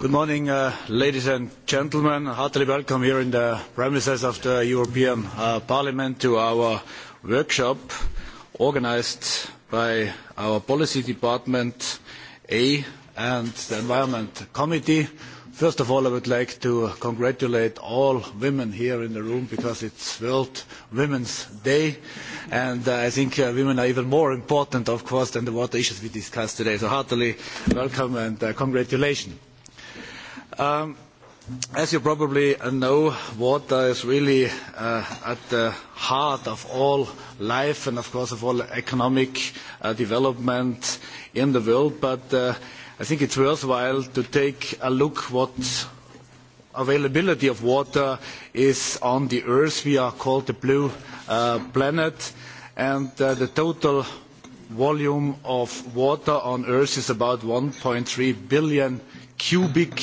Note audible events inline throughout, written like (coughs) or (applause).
Good morning, uh, ladies and gentlemen. Heartily welcome here in the premises of the European uh, Parliament to our workshop organised by our Policy Department A and the Environment Committee. First of all, I would like to congratulate all women here in the room because it is World Women's Day. And uh, I think uh, women are even more important, of course, than the water issues we discussed today. So heartily welcome and uh, congratulations. Um, as you probably know, water is really uh, at the heart of all life and, of course, of all economic uh, development in the world. But uh, I think it's worthwhile to take a look at what availability of water is on the Earth. We are called the blue planet, and the total volume of water on Earth is about one three billion cubic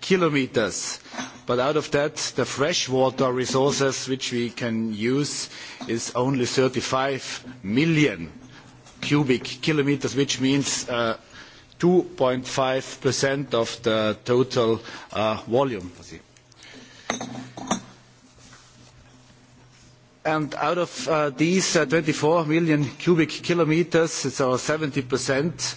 kilometers. But out of that, the freshwater resources which we can use is only thirty five million cubic kilometers, which means uh, 2.5% of the total uh, volume. And out of uh, these uh, twenty 24 million cubic kilometers, it's our 70%,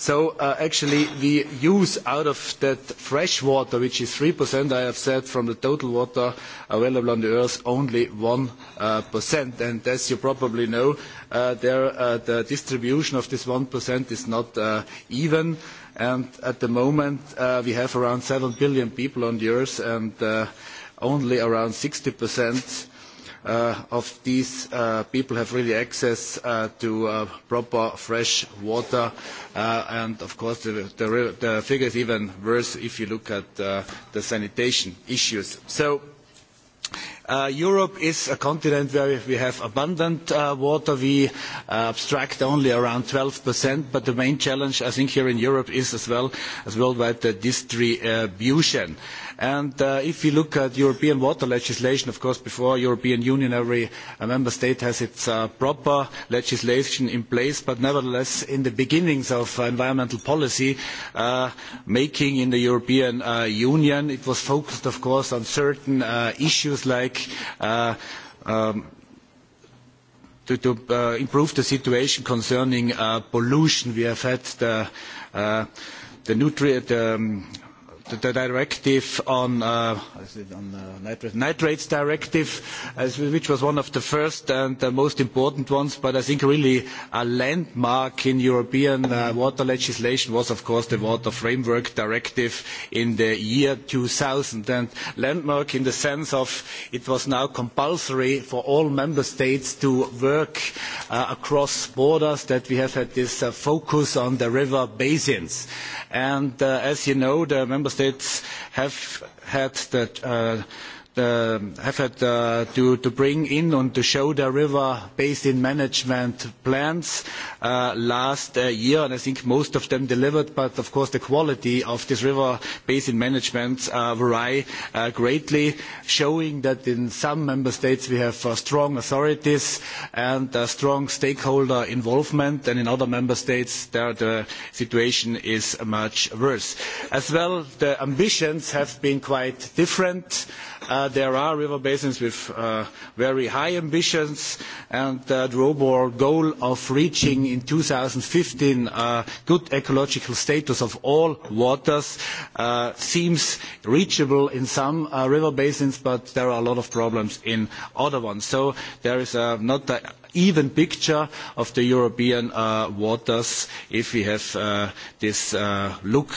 So uh, actually, the use out of that fresh water, which is 3%, I have said, from the total water available on the Earth, only 1%. Uh, percent. And as you probably know, uh, there, uh, the distribution of this 1% is not uh, even. And at the moment, uh, we have around 7 billion people on the Earth, and only around 60% Uh, of these uh, people have really access uh, to proper fresh water. and of course, the, the, the figure is even worse if you look at the sanitation issues. So Uh, Europe is a continent where we have abundant uh, water. We uh, abstract only around 12%, but the main challenge, I think, here in Europe is as well as worldwide the distribution. Uh, And uh, if you look at European water legislation, of course, before the European Union, every uh, member state has its uh, proper legislation in place. But nevertheless, in the beginnings of environmental policy uh, making in the European uh, Union, it was focused, of course, on certain issues like um, to, to uh, improve the situation concerning uh, pollution. We have had the, uh, the, nutri- the um, the, directive on, uh, the uh, nitrates, directive, which was one of the first and the most important ones, but I think really a landmark in European uh, water legislation was, of course, the Water Framework Directive in the year 2000. And landmark in the sense of it was now compulsory for all member states to work uh, across borders, that we have had this uh, focus on the river basins. And uh, as you know, the member states have had the uh, Uh, effort uh, to, bring in and to show the river basin management plans uh, last year, and I think most of them delivered, but of course the quality of this river basin management varies greatly, showing that in some member states we have strong authorities and strong stakeholder involvement, and in other member states there the situation is much worse. As well, the ambitions have been quite different. Uh, there are river basins with uh, very high ambitions, and uh, the overall goal of reaching in 2015 uh, good ecological status of all waters uh, seems reachable in some uh, river basins, but there are a lot of problems in other ones. So there is uh, not an even picture of the European uh, waters if we have uh, this uh, look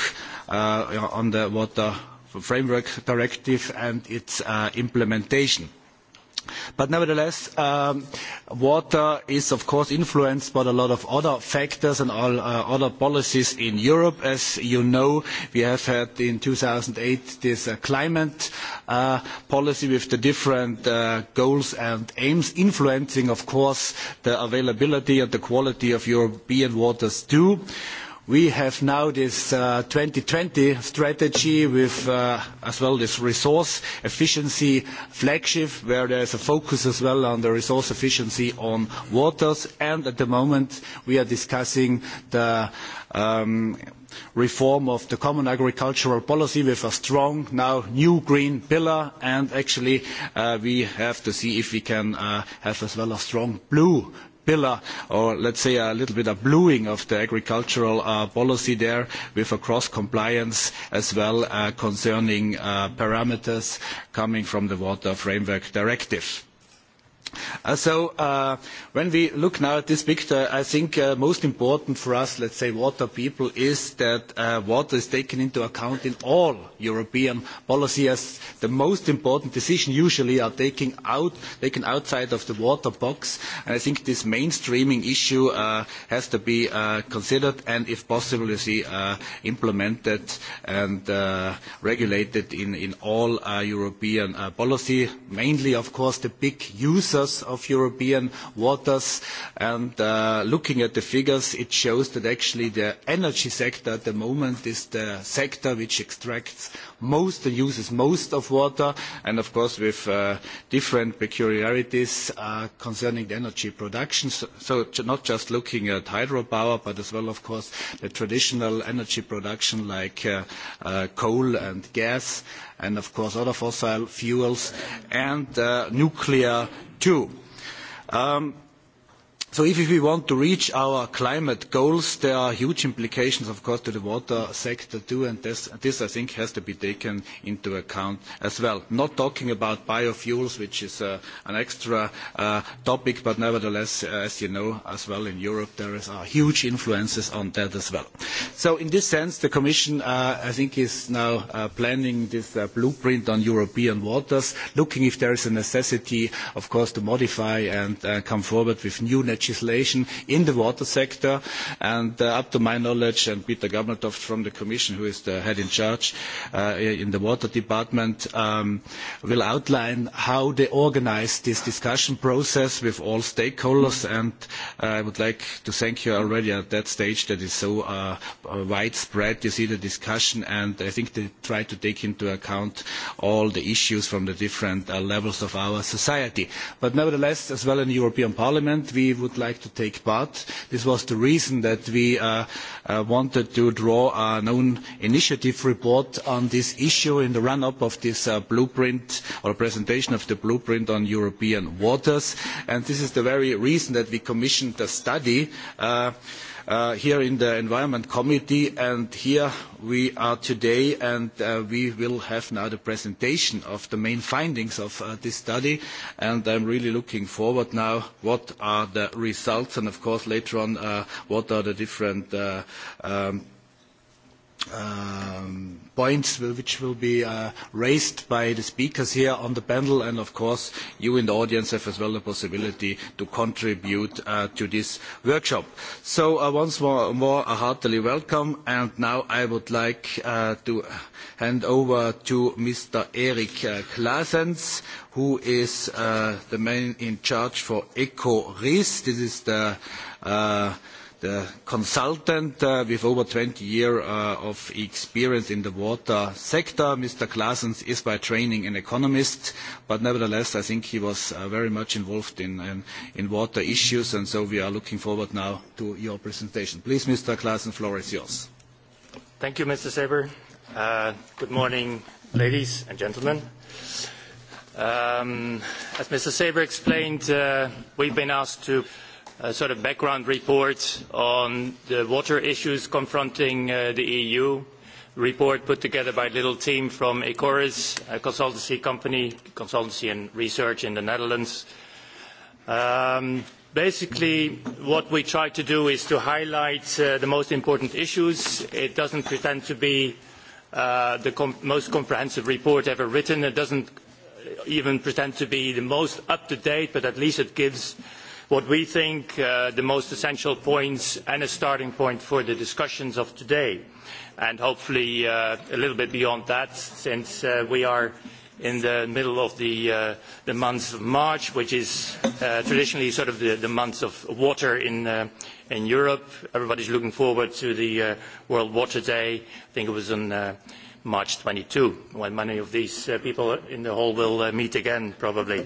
uh, on the water framework directive and its uh, implementation. But nevertheless, um, water is of course influenced by a lot of other factors and all, uh, other policies in Europe. As you know, we have had in two thousand eight this uh, climate uh, policy with the different uh, goals and aims influencing, of course, the availability and the quality of European waters too. We have now this uh, 2020 strategy with uh, as well this resource efficiency flagship, where there's a focus as well on the resource efficiency on waters. and At the moment, we are discussing the um, reform of the common agricultural policy with a strong now new green pillar and actually uh, we have to see if we can uh, have as well a strong blue pillar or let's say a little bit of blueing of the agricultural uh, policy there with a cross compliance as well uh, concerning uh, parameters coming from the water framework directive. Uh, so uh, when we look now at this picture, I think uh, most important for us, let's say water people, is that water is taken into account in all European policy as the most important decisions usually are taken, taken outside of the water box. And I think this mainstreaming issue has to be considered and, if possible, you see, implemented and regulated in, all European policy, mainly, of course, the big user users of European waters. And uh, looking at the figures, it shows that actually the energy sector at the moment is the sector which extracts most and uses most of water, and of course with uh, different peculiarities uh, concerning the energy production. So, not just looking at hydropower, but as well, of course, the traditional energy production like coal and gas, and of course other fossil fuels, and nuclear two. Um, so if, we want to reach our climate goals, there are huge implications, of course, to the water sector too, and this, this I think, has to be taken into account as well. Not talking about biofuels, which is uh, an extra uh, topic, but nevertheless, uh, as you know, as well in Europe, there is, are huge influences on that as well. So in this sense, the Commission, I think, is now planning this blueprint on European waters, looking if there is a necessity, of course, to modify and come forward with new legislation in the water sector. And uh, up to my knowledge, and Peter Gamertoft from the Commission, who is the head in charge uh, in the water department, um, will outline how they organise this discussion process with all stakeholders. Mm-hmm. And uh, I would like to thank you already at that stage that is so uh, widespread. You see the discussion, and I think they try to take into account all the issues from the different uh, levels of our society. But nevertheless, as well in the European Parliament, we would would like to take part. This was the reason that we uh, uh, wanted to draw an own initiative report on this issue in the run-up of this uh, blueprint or presentation of the blueprint on European waters. And this is the very reason that we commissioned a study uh, uh, here in the Environment Committee, and here we are today, and uh, we will have now the presentation of the main findings of uh, this study, and I am really looking forward now what are the results, and of course later on uh, what are the different um, um, points which will be uh, raised by the speakers here on the panel and of course you in the audience have as well the possibility to contribute uh, to this workshop. So uh, once more, more a heartily welcome and now I would like uh, to hand over to Mr. Erik uh, Klasens who is uh, the man in charge for ECORIS. This is the uh, the consultant uh, with over twenty years uh, of experience in the water sector. Mr. Claessens is by training an economist, but nevertheless, I think he was uh, very much involved in, water issues, and so we are looking forward now to your presentation. Please, Mr. Claessens, the floor is yours. Thank you, Mr. Seber. good morning, ladies and gentlemen. Um, as Mr. Seber explained, we have been asked to Uh, sort of background report on the water issues confronting uh, the EU, a report put together by a little team from Ecoris, a consultancy company, consultancy and research in the Netherlands. Um, basically, what we try to do is to highlight uh, the most important issues. It does not pretend to be uh, the com most comprehensive report ever written. It does not uh, even pretend to be the most up-to-date, but at least it gives what we think are uh, the most essential points and a starting point for the discussions of today and hopefully uh, a little bit beyond that since uh, we are in the middle of the, uh, the month of March, which is uh, traditionally sort of the, the month of water in, uh, in Europe. Everybody's looking forward to the uh, World Water Day. I think it was on uh, March 22, when many of these uh, people in the hall will uh, meet again, probably.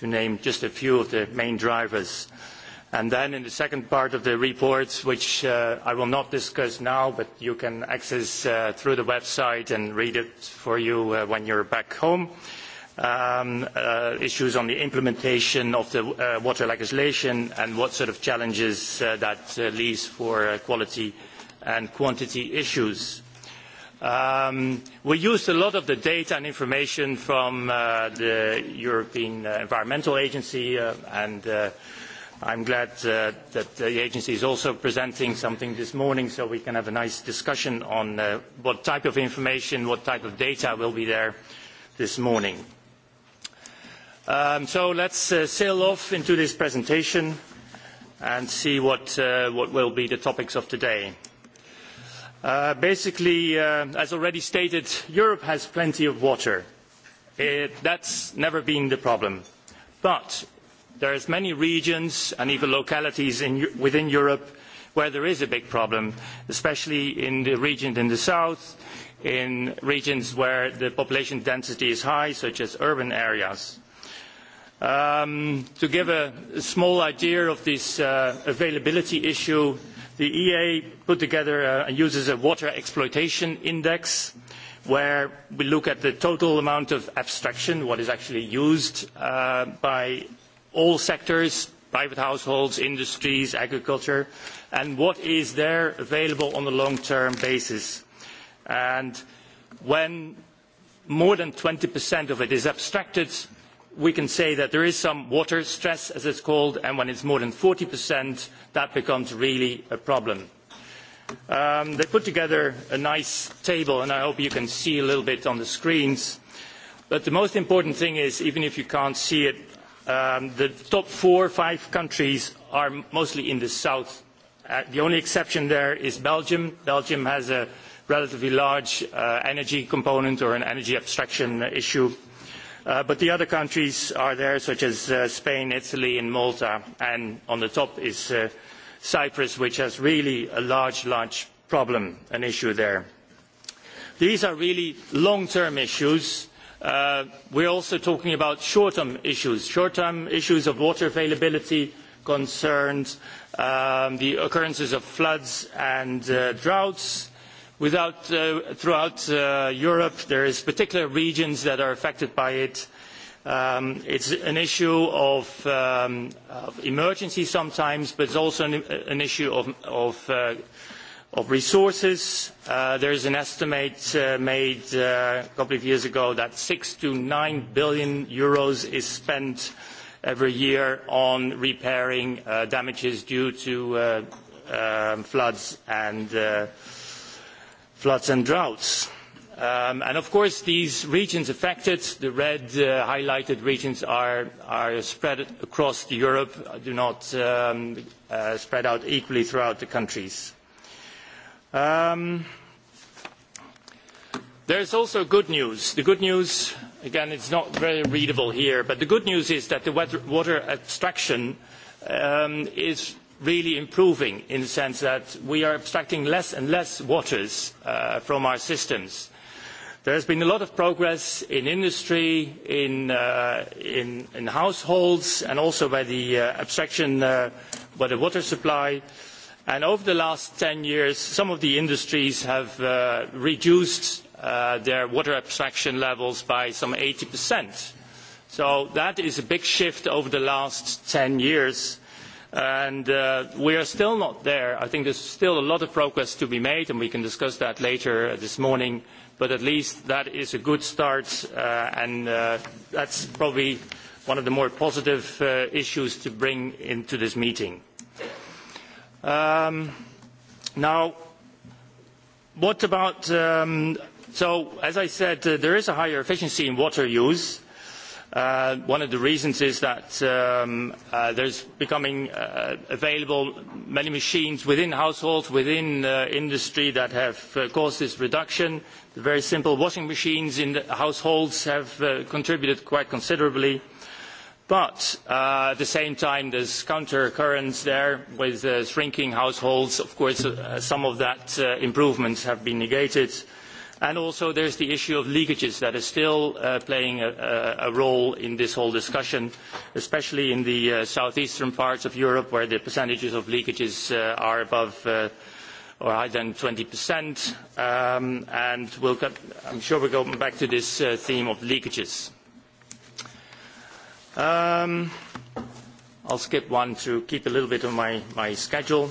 to name just a few of the main drivers. And then in the second part of the report, which uh, I will not discuss now, but you can access uh, through the website and read it for you uh, when you are back home, um, uh, issues on the implementation of the uh, water legislation and what sort of challenges uh, that leaves for quality and quantity issues. Um, we used a lot of the data and information from uh, the European uh, Environmental Agency, uh, and I am glad that the agency is also presenting something this morning so we can have a nice discussion on what type of information, what type of data will be there this morning. Um, so let's us sail off into this presentation and see what, what will be the topics of today. Uh, basically, uh, as already stated, Europe has plenty of water. That has never been the problem. But there are many regions and even localities within Europe where there is a big problem, especially in the regions in the south, in regions where the population density is high, such as urban areas. Um, to give a, small idea of this uh, availability issue, The EA put together and uses a water exploitation index where we look at the total amount of abstraction, what is actually used uh, by all sectors, private households, industries, agriculture, and what is there available on a long-term basis. when more than twenty of it is abstracted, we can say that there is some water stress, as it is called, and when it is more than forty that becomes really a problem. Um, they put together a nice table, and I hope you can see a little bit on the screens. But the most important thing is, even if you can't see it, um, the top four or five countries are mostly in the south. Uh, the only exception there is Belgium. Belgium has a relatively large uh, energy component or an energy abstraction issue Uh, but the other countries are there, such as uh, Spain, Italy, and Malta. And on the top is uh, Cyprus, which has really a large, large problem, an issue there. These are really long-term issues. We are also talking about short-term issues, short-term issues of water availability concerns, um, the occurrences of floods and droughts, Without, uh, throughout uh, Europe, there are particular regions that are affected by it. Um, it is an issue um, of, emergency sometimes, but it is also an, an, issue of, of, uh, of resources. Uh, there is an estimate uh, made uh, a couple of years ago that six to nine billion euros is spent every year on repairing damages due to um, floods and uh, floods and droughts. Um, and of course, these regions affected, the red uh, highlighted regions, are, are spread across Europe, uh, do not um, uh, spread out equally throughout the countries. Um, there is also good news. The good news, again, it's not very readable here, but the good news is that the water abstraction um, is really improving in the sense that we are abstracting less and less water uh, from our systems. There has been a lot of progress in industry, in, uh, in, in households, and also by the uh, abstraction uh, by the water supply. And over the last ten years, some of the industries have uh, reduced their water abstraction levels by some 80%. So that is a big shift over the last ten years and uh, we are still not there. i think there is still a lot of progress to be made and we can discuss that later uh, this morning but at least that is a good start uh, and that is probably one of the more positive issues to bring into this meeting. Um, now what about um, so as i said there is a higher efficiency in water use Uh, one of the reasons is that um, uh, there are becoming uh, available many machines within households within industry that have caused this reduction. the very simple washing machines in households have contributed quite considerably but at the same time there are counter currents there with shrinking households. of course some of that improvements have been negated and also there is the issue of leakages that is still uh, playing a, role in this whole discussion especially in the uh, south eastern parts of europe where the percentages of leakages uh, are above or higher than twenty percent, um, and we'll i am sure we will go back to this theme of leakages. i um, will skip one to keep a little bit of my, my schedule.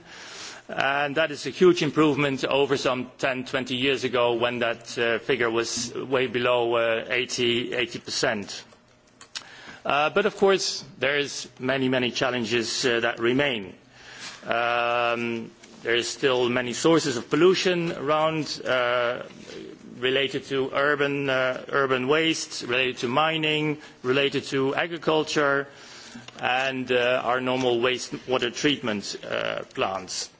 and that is a huge improvement over some ten twenty years ago when that uh, figure was way below uh, eighty uh, but of course there are many many challenges that remain. Um, there are still many sources of pollution around related to urban, urban waste related to mining related to agriculture and our normal waste water treatment plants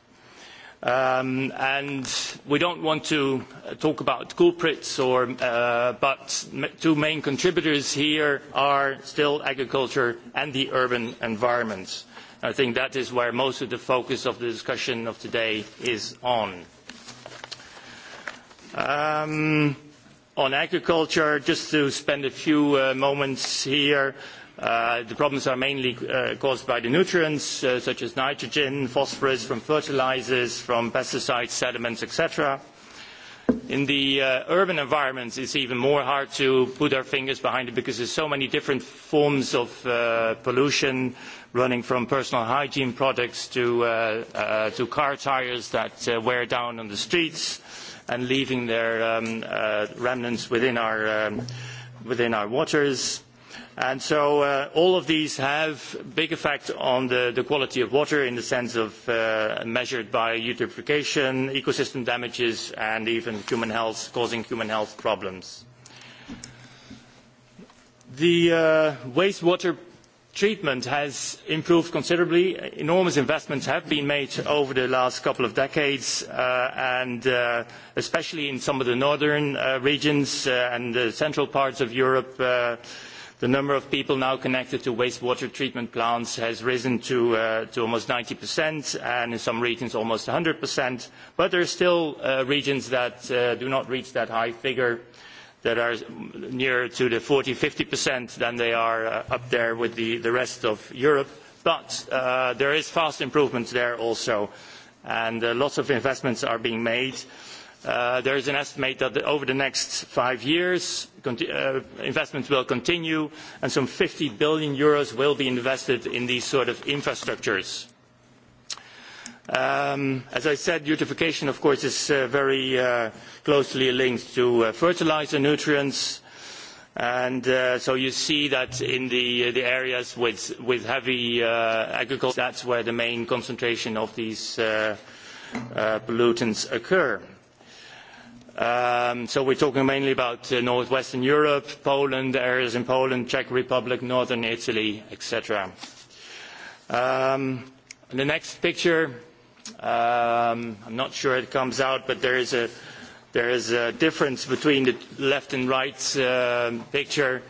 Um, and we do not want to talk about culprits or, uh, but the two main contributors here are still agriculture and the urban environment. i think that is where most of the focus of the discussion of today is on. Um, on agriculture just to spend a few uh, moments here Uh, the problems are mainly uh, caused by the nutrients uh, such as nitrogen, phosphorus from fertilisers, from pesticides, sediments, etc. In the uh, urban environments, it is even more hard to put our fingers behind it because there are so many different forms of pollution running from personal hygiene products to, to car tyres that wear down on the streets and leaving their um, remnants within our, um, within our waters And so uh, all of these have a big effect on the, the, quality of water in the sense of uh, measured by eutrophication, ecosystem damages, and even human health, causing human health problems. The uh, wastewater treatment has improved considerably. Enormous investments have been made over the last couple of decades, uh, and uh, especially in some of the northern uh, regions uh, and the central parts of Europe, the number of people now connected to wastewater treatment plants has risen to, uh, almost ninety almost and in some regions almost one percent, but there are still uh, regions that uh, do not reach that high figure that are nearer to the fifty percent than they are up there with the, rest of Europe. But there is fast improvement there also, and lots of investments are being made. Uh, there is an estimate that over the next five years uh, investments will continue and some eur fifty billion Euros will be invested in these sort of infrastructures. Um, as I said, eutrophication, of course, is uh, very uh, closely linked to uh, fertiliser nutrients. And so you see that in the, the areas with, with heavy agriculture, that is where the main concentration of these pollutants occur. Um, so we are talking mainly about uh, north western europe poland areas in poland czech republic northern italy etc. Um, the next picture i am um, not sure it comes out but there is a, difference between the left and right um, picture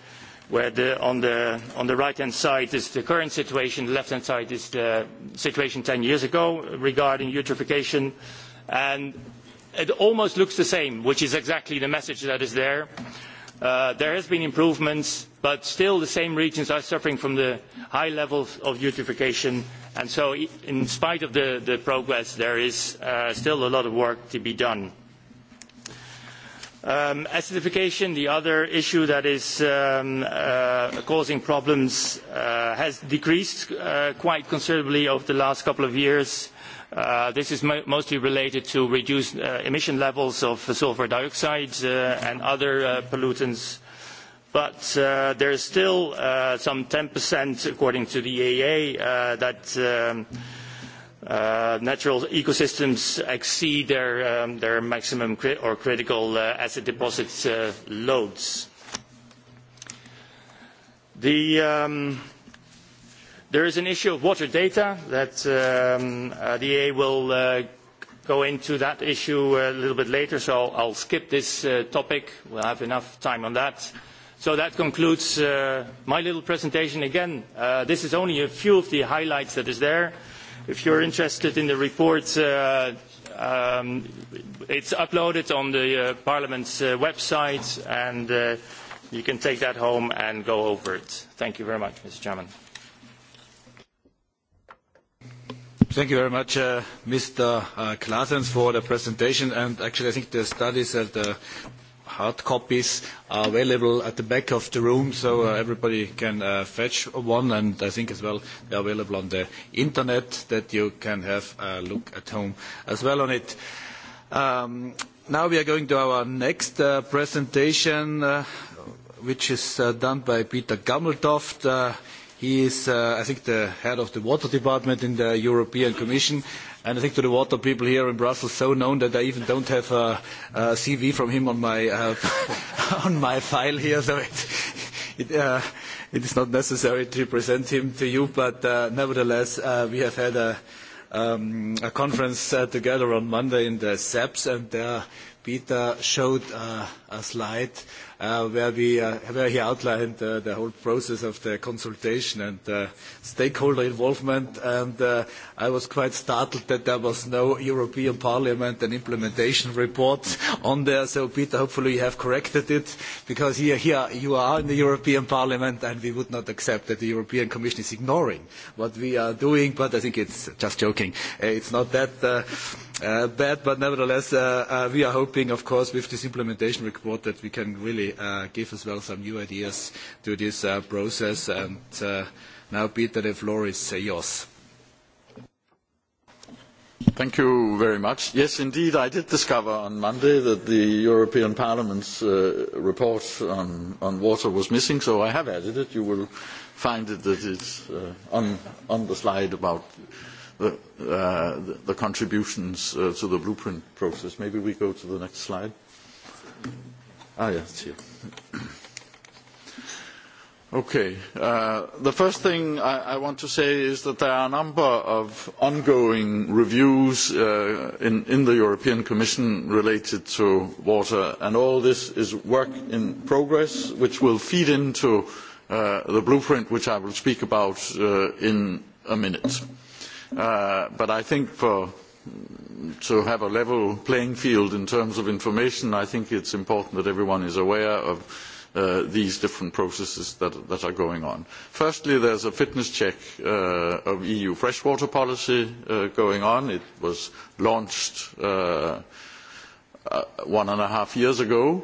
where the, on, the, on the right hand side is the current situation the left hand side is the situation ten years ago regarding eutrophication and it almost looks the same, which is exactly the message that is there. Uh, there have been improvements, but still the same regions are suffering from the high levels of eutrophication. And so in spite of the, the progress, there is uh, still a lot of work to be done. Um, acidification, the other issue that is um, uh, causing problems, uh, has decreased uh, quite considerably over the last couple of years Uh, this is mo mostly related to reduced uh, emission levels of sulphur dioxide uh, and other uh, pollutants. But uh, there is still some 10%, according to the EA, that um, natural ecosystems exceed their, um, their maximum cri or critical acid deposit loads. The um, There is an issue of water data that um, uh, the EA will uh, go into that issue uh, a little bit later, so I'll skip this uh, topic. We'll have enough time on that. So that concludes uh, my little presentation. Again, uh, this is only a few of the highlights that is there. If you're interested in the report, uh, um, it's uploaded on the uh, Parliament's uh, website, and uh, you can take that home and go over it. Thank you very much, Mr. Chairman. Thank you very much, uh, Mr. Claessens, uh, for the presentation. And actually, I think the studies and the hard copies are available at the back of the room, so uh, everybody can uh, fetch one. And I think as well, they're available on the internet that you can have a look at home as well on it. Um, now we are going to our next uh, presentation, which is done by Peter Gammeltoft He is, uh, I think, the head of the water department in the European Commission. And I think to the water people here in Brussels, so known that I even don't have a, a CV from him on my, uh, (laughs) on my file here. So it, it, uh, it is not necessary to present him to you, but uh, nevertheless, uh, we have had a, um, a conference uh, together on Monday in the SEPS, e and there Peter showed uh, a slide Uh, where, we, uh, where he outlined uh, the whole process of the consultation and uh, stakeholder involvement. And uh, i was quite startled that there was no European Parliament and implementation report on there. So, Peter, hopefully you have corrected it, because here, here you are in the European Parliament, and we would not accept that the European Commission is ignoring what we are doing. But I think it's just joking. Uh, it's not that uh, uh, bad, but nevertheless, uh, uh, we are hoping, of course, with this implementation report that we can really uh, give as well some new ideas to this process. And now, Peter, the floor is yours. Thank you very much. Yes, indeed, I did discover on Monday that the European Parliament's uh, report on, water was missing, so I have added it. You will find it that it is uh, on, on the slide about the, uh, the contributions to the blueprint process. Maybe we go to the next slide. Ah, Okay. Uh, the first thing I, I want to say is that there are a number of ongoing reviews uh, in, in the European Commission related to water, and all this is work in progress, which will feed into uh, the blueprint, which I will speak about uh, in a minute. Uh, but I think for to have a level playing field in terms of information, I think it is important that everyone is aware of Uh, these different processes that, that, are going on. Firstly, there is a fitness check uh, of EU freshwater policy uh, going on. It was launched uh, uh, one and a half years ago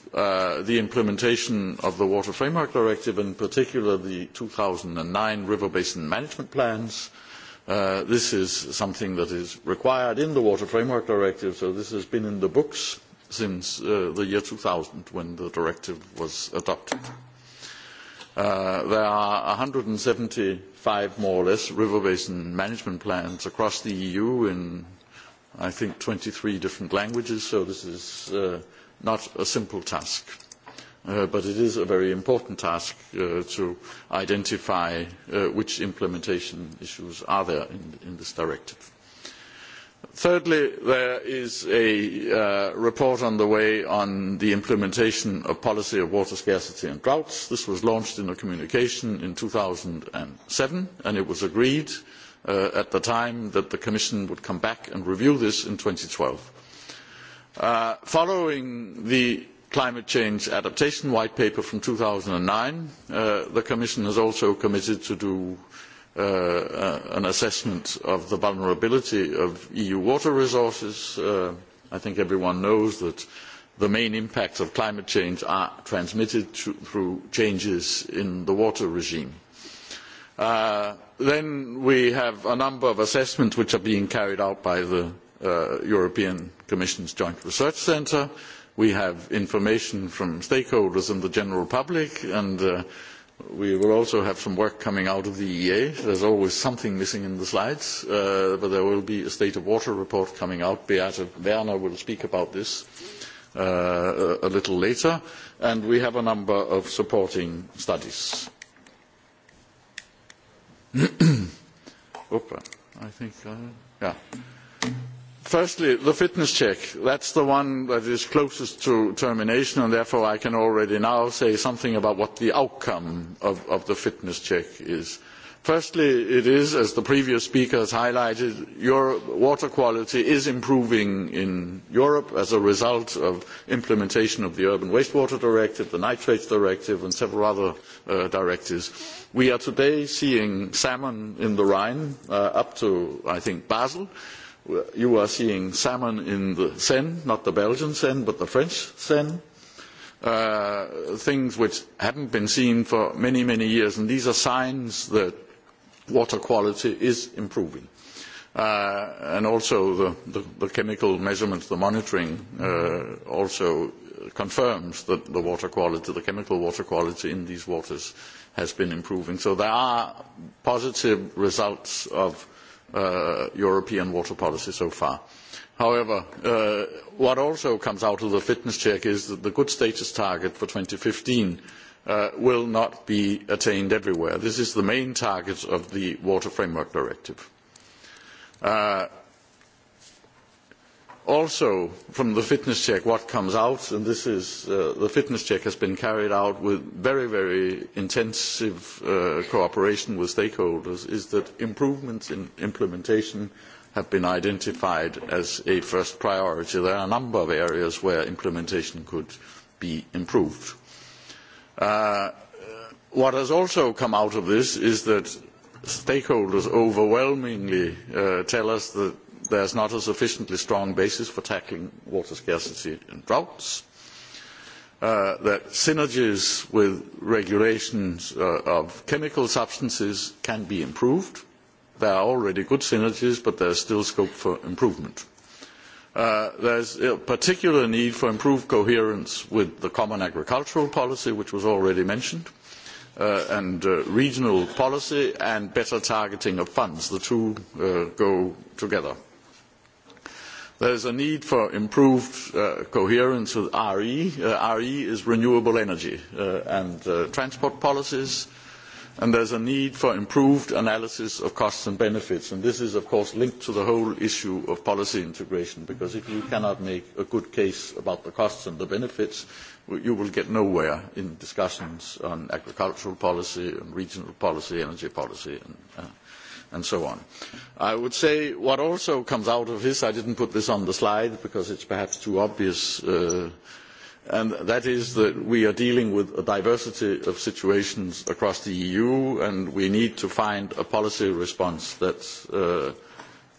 Uh, the implementation of the Water Framework Directive, in particular the two thousand nine River Basin Management Plans. Uh, this is something that is required in the Water Framework Directive, so this has been in the books since uh, the year two thousand when the directive was adopted. Uh, there are one hundred and seventy five more or less river basin management plans across the EU in, I think, twenty three different languages, so this is not a simple task, uh, but it is a very important task uh, to identify uh, which implementation issues are there in, in this directive. Thirdly, there is a uh, report on the way on the implementation of policy of water scarcity and droughts. This was launched in a communication in two thousand seven and it was agreed uh, at the time that the Commission would come back and review this in twelve Uh, following the climate change adaptation white paper from two thousand and nine uh, the commission has also committed to do uh, an assessment of the vulnerability of eu water resources. i think everyone knows that the main impacts of climate change are transmitted through changes in the water regime. then we have a number of assessments which are being carried out by the uh, European Commission's Joint Research Centre. We have information from stakeholders and the general public, and uh, we will also have some work coming out of the EA. There is always something missing in the slides, uh, but there will be a state of water report coming out. Beata Werner will speak about this uh, a little later. And we have a number of supporting studies. (clears throat) Opa, I think, uh, yeah firstly the fitness check that is the one that is closest to termination and therefore i can already now say something about what the outcome of, the fitness check is. firstly it is as the previous speaker has highlighted water quality is improving in europe as a result of implementation of the urban wastewater directive the nitrates directive and several other uh, directives. we are today seeing salmon in the rhine uh, up to i think basel you are seeing salmon in the Seine, not the Belgian Seine, but the French Seine. Uh, things which haven't been seen for many, many years, and these are signs that water quality is improving. Uh, and also the, the, the, chemical measurements, the monitoring, uh, also confirms that the water quality, the chemical water quality in these waters has been improving. So there are positive results of uh, European water policy so far. However, uh, what also comes out of the fitness check is that the good status target for fifteen uh, will not be attained everywhere. This is the main target of the Water Framework Directive. Uh, also from the fitness check what comes out and this is uh, the fitness check has been carried out with very very intensive uh, cooperation with stakeholders is that improvements in implementation have been identified as a first priority there are a number of areas where implementation could be improved uh, what has also come out of this is that stakeholders overwhelmingly uh, tell us that there is not a sufficiently strong basis for tackling water scarcity and droughts, uh, that synergies with regulations uh, of chemical substances can be improved. There are already good synergies, but there is still scope for improvement. Uh, there is a particular need for improved coherence with the common agricultural policy, which was already mentioned, and regional policy and better targeting of funds. The two go together there is a need for improved uh, coherence with RE. Uh, RE is renewable energy uh, and transport policies, and there is a need for improved analysis of costs and benefits. And this is, of course, linked to the whole issue of policy integration, because if you cannot make a good case about the costs and the benefits, you will get nowhere in discussions on agricultural policy regional policy, energy policy, and and so on. I would say what also comes out of this, I did not put this on the slide because it is perhaps too obvious, uh, and that is that we are dealing with a diversity of situations across the EU, and we need to find a policy response that, uh,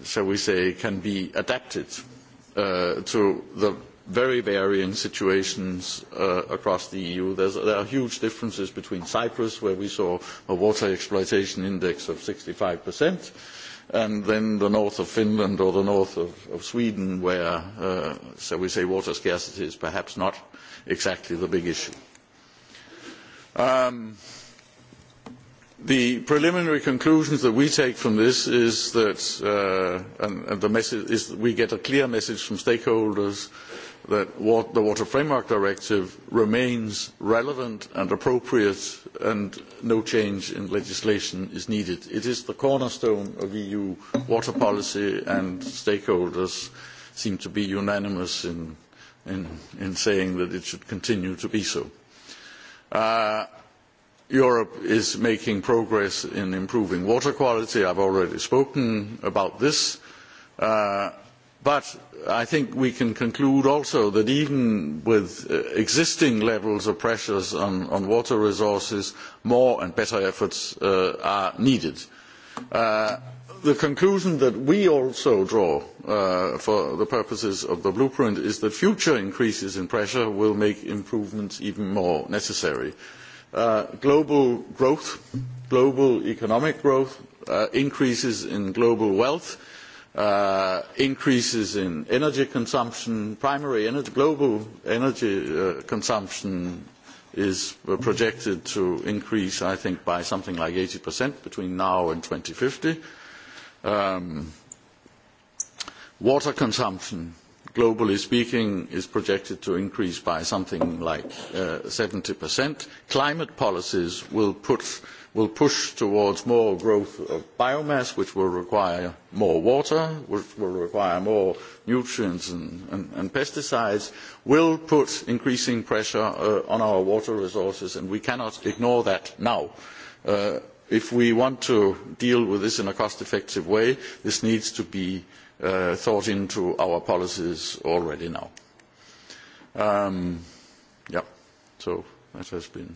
shall we say, can be adapted uh, to the very varying situations uh, across the EU. There's, there are huge differences between Cyprus, where we saw a water exploitation index of 65%, and then the north of Finland or the north of, of Sweden, where, uh, so we say, water scarcity is perhaps not exactly the big issue. Um, the preliminary conclusions that we take from this is that uh, and, and the message is that we get a clear message from stakeholders that the Water Framework Directive remains relevant and appropriate and no change in legislation is needed. It is the cornerstone of EU water policy and stakeholders seem to be unanimous in, in, in saying that it should continue to be so. Uh, Europe is making progress in improving water quality. I have already spoken about this. Uh, but i think we can conclude also that even with uh, existing levels of pressures on, on water resources, more and better efforts uh, are needed. Uh, the conclusion that we also draw uh, for the purposes of the blueprint is that future increases in pressure will make improvements even more necessary. Uh, global growth, global economic growth, uh, increases in global wealth, Uh, increases in energy consumption, primary energy, global energy uh, consumption is uh, projected to increase, I think, by something like eighty between now and and fifty. Um, water consumption, globally speaking, is projected to increase by something like seventy Climate policies will put will push towards more growth of biomass, which will require more water, which will require more nutrients and, and, and pesticides, will put increasing pressure uh, on our water resources, and we cannot ignore that now. Uh, if we want to deal with this in a cost-effective way, this needs to be uh, thought into our policies already now. Um, yeah, so that has been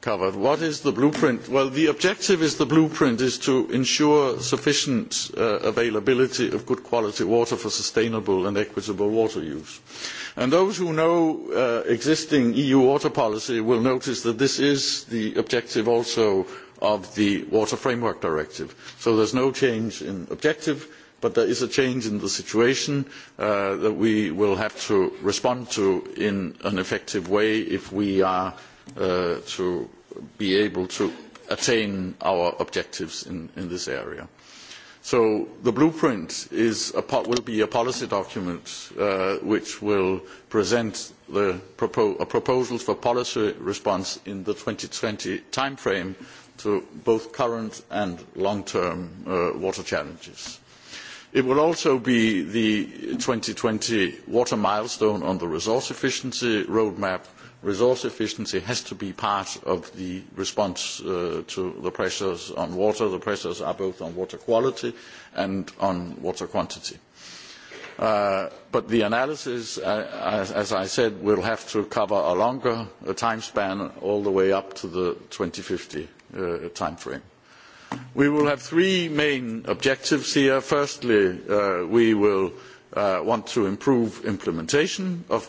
covered. What is the blueprint? Well, the objective is the blueprint is to ensure sufficient uh, availability of good quality water for sustainable and equitable water use. And those who know uh, existing EU water policy will notice that this is the objective also of the Water Framework Directive. So there is no change in objective, but there is a change in the situation uh, that we will have to respond to in an effective way if we are Uh, to be able to attain our objectives in, in this area. So the blueprint is a, will be a policy document uh, which will present the propo a proposal for policy response in the 2020 timeframe to both current and long-term uh, water challenges. It will also be the 2020 water milestone on the resource efficiency roadmap, resource efficiency has to be part of the response uh, to the pressures on water. The pressures are both on water quality and on water quantity. Uh, but the analysis, uh, as, as I said, will have to cover a longer uh, time span all the way up to the 2050 uh, timeframe. We will have three main objectives here. Firstly, uh, we will want to improve implementation of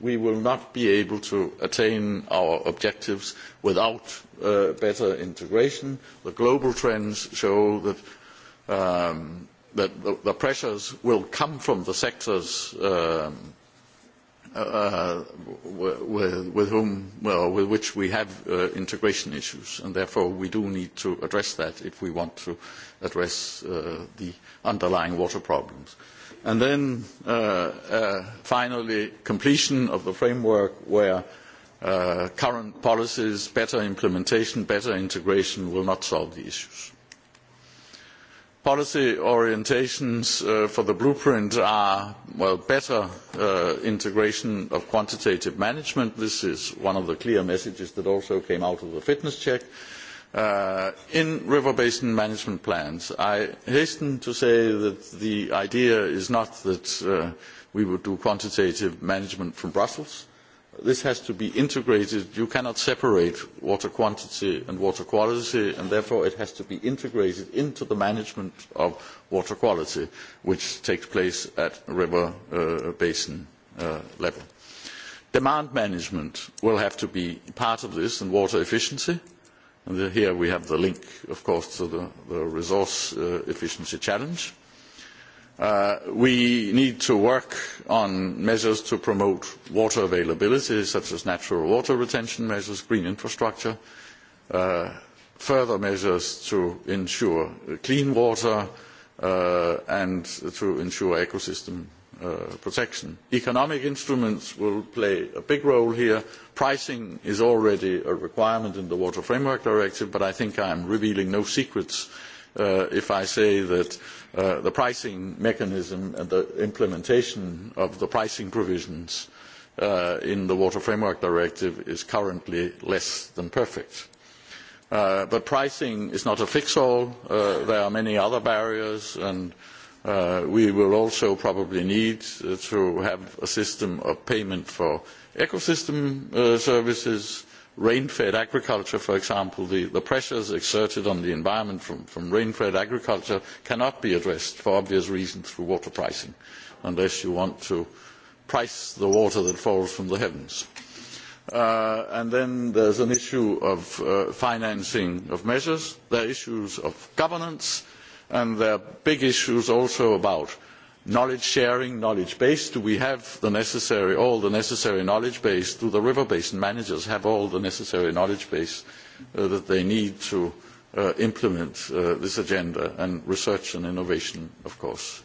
we will not be able to attain our objectives without uh, better integration. The global trends show that, um, that the, the, pressures will come from the sectors um, uh, with, with, whom, well, with which we have uh, integration issues, and therefore we do need to address that if we want to address uh, the underlying water problems. And then uh, uh, finally, completion of the framework where uh, current policies, better implementation, better integration will not solve the issues. Policy orientations for the blueprint are, well, better integration of quantitative management. This is one of the clear messages that also came out of the fitness check. Uh, in river basin management plans i hasten to say that the idea is not that uh, we would do quantitative management from brussels this has to be integrated you cannot separate water quantity and water quality and therefore it has to be integrated into the management of water quality which takes place at river uh, basin level demand management will have to be part of this and water efficiency And uh, here we have the link, of course, to the, the resource uh, efficiency challenge. Uh, we need to work on measures to promote water availability, such as natural water retention measures, green infrastructure, uh, further measures to ensure clean water, uh, and to ensure ecosystem Uh, protection. economic instruments will play a big role here. pricing is already a requirement in the water framework directive but i think i am revealing no secrets uh, if I say that uh, the pricing mechanism and the implementation of the pricing provisions in the Water Framework Directive is currently less than perfect. but pricing is not a fix-all. there are many other barriers, and Uh, we will also probably need uh, to have a system of payment for ecosystem uh, services rain fed agriculture for example the, the pressures exerted on the environment from, from rain fed agriculture cannot be addressed for obvious reasons through water pricing unless you want to price the water that falls from the heavens. Uh, and then there is an issue of financing of measures there are issues of governance and and there are big issues also about knowledge sharing, knowledge base. Do we have all the necessary knowledge base? Do the river basin managers have all the necessary knowledge base uh, that they need to uh, implement uh, this agenda? And research and innovation, of course.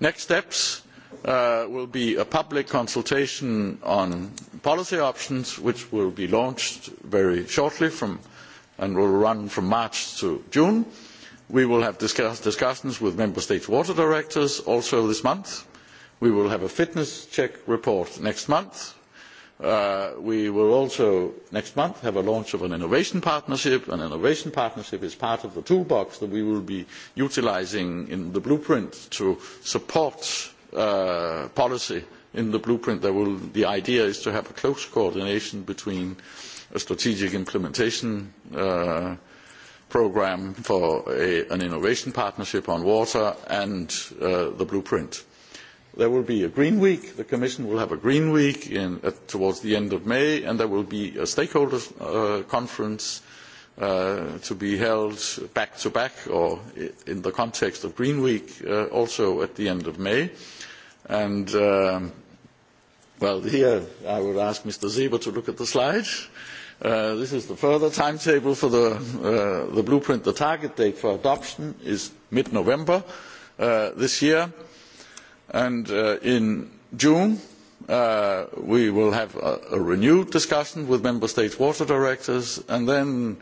Next steps will be a public consultation on policy options, which will be launched very shortly and will run from March to June we will have discussions with member states' water directors also this month we will have a fitness check report next month uh, we will also next month have a launch of an innovation partnership. an innovation partnership is part of the toolbox that we will be utilising in the blueprint to support uh, policy in the blueprint. Will, the idea is to have a close coordination between a strategic implementation uh, programme for a, an innovation partnership on water and uh, the blueprint. There will be a Green Week. The Commission will have a Green Week in, towards the end of May, and there will be a stakeholders uh, conference uh, to be held back to back or in the context of Green Week uh, also at the end of May. And, um, well, here I would ask Mr. Zeber to look at the slides. Uh, Uh, this is the further timetable for uh, the, blueprint. The target date for adoption is mid-November uh, this year. And in June, we will have a, renewed discussion with Member States water directors. And then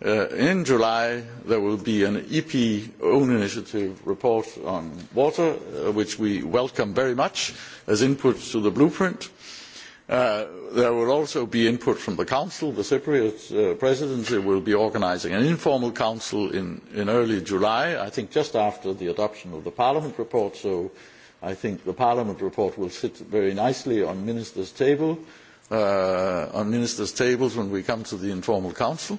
in July, there will be an EP own initiative report on water, which we welcome very much as input to the blueprint Uh, there will also be input from the council. the cypriot uh, presidency will be organising an informal council in, in early july i think just after the adoption of the parliament report so i think the parliament report will sit very nicely on ministers' table, uh, on ministers' tables when we come to the informal council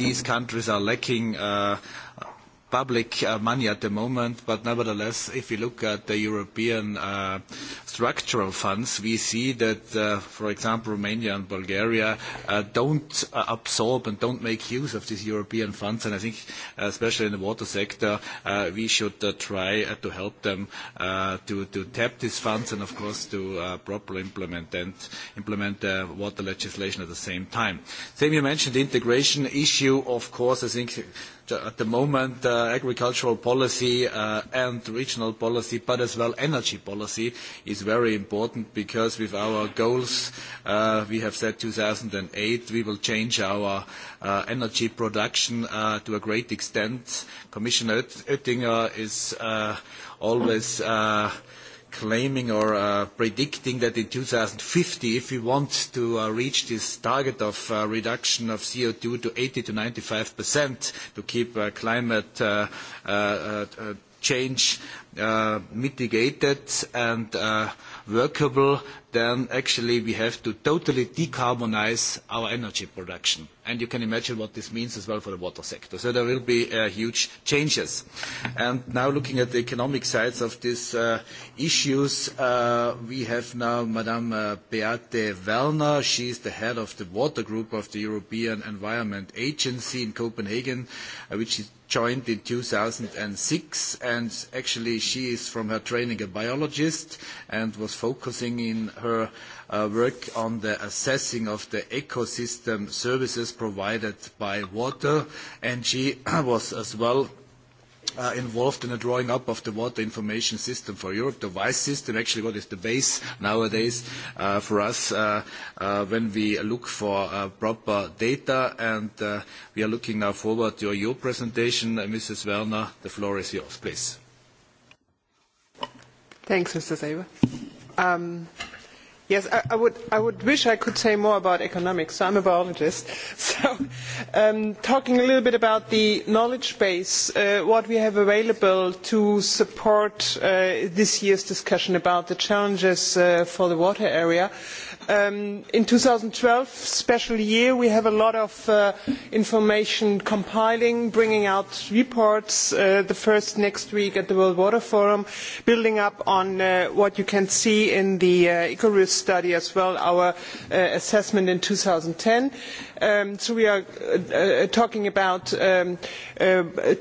these countries are lacking uh, public uh, money at the moment, but nevertheless, if you look at the European uh, structural funds, we see that, uh, for example, Romania and Bulgaria uh, don't uh, absorb and don't make use of these European funds. And I think, uh, especially in the water sector, uh, we should uh, try uh, to help them uh, to, to tap these funds and, of course, to uh, properly implement and implement uh, water legislation at the same time. Same you mentioned the integration issue. Of course, I think uh, at the moment uh, agricultural policy uh, and regional policy, but as well energy policy is very important because with our goals, uh, we have said 2008, we will change our uh, energy production uh, to a great extent. Commissioner Oettinger is uh, always uh, claiming or uh, predicting that in fifty, if we want to uh, reach this target of uh, reduction of co two to eighty to ninety 95% to keep climate change uh, mitigated and uh, workable then actually we have to totally decarbonise our energy production. And you can imagine what this means as well for the water sector. So there will be uh, huge changes. And now looking at the economic sides of these uh, issues, uh, we have now Madame uh, Beate Wellner. She is the head of the water group of the European Environment Agency in Copenhagen, uh, which is joined in two thousand six and actually she is from her training a biologist and was focusing in uh, her uh, work on the assessing of the ecosystem services provided by water, and she (clears throat) was as well Uh, involved in the drawing up of the water information system for Europe, the WISE system, actually what is the base nowadays uh, for us uh, uh when we look for uh, proper data. And we are looking now forward to your presentation. Mrs. Werner, the floor is yours, please. Thanks, Mr. Saber. Um, Yes, I, I, would, I would wish I could say more about economics. So I'm a biologist. (laughs) So, um, talking a little bit about the knowledge base, uh, what we have available to support uh, this year's discussion about the challenges uh, for the water area. Uh, Um, in two thousand and twelve special year we have a lot of uh, information compiling bringing out reports uh, the first next week at the world water forum building up on uh, what you can see in the icarus study as well our assessment in two thousand and ten um, so we are talking about um,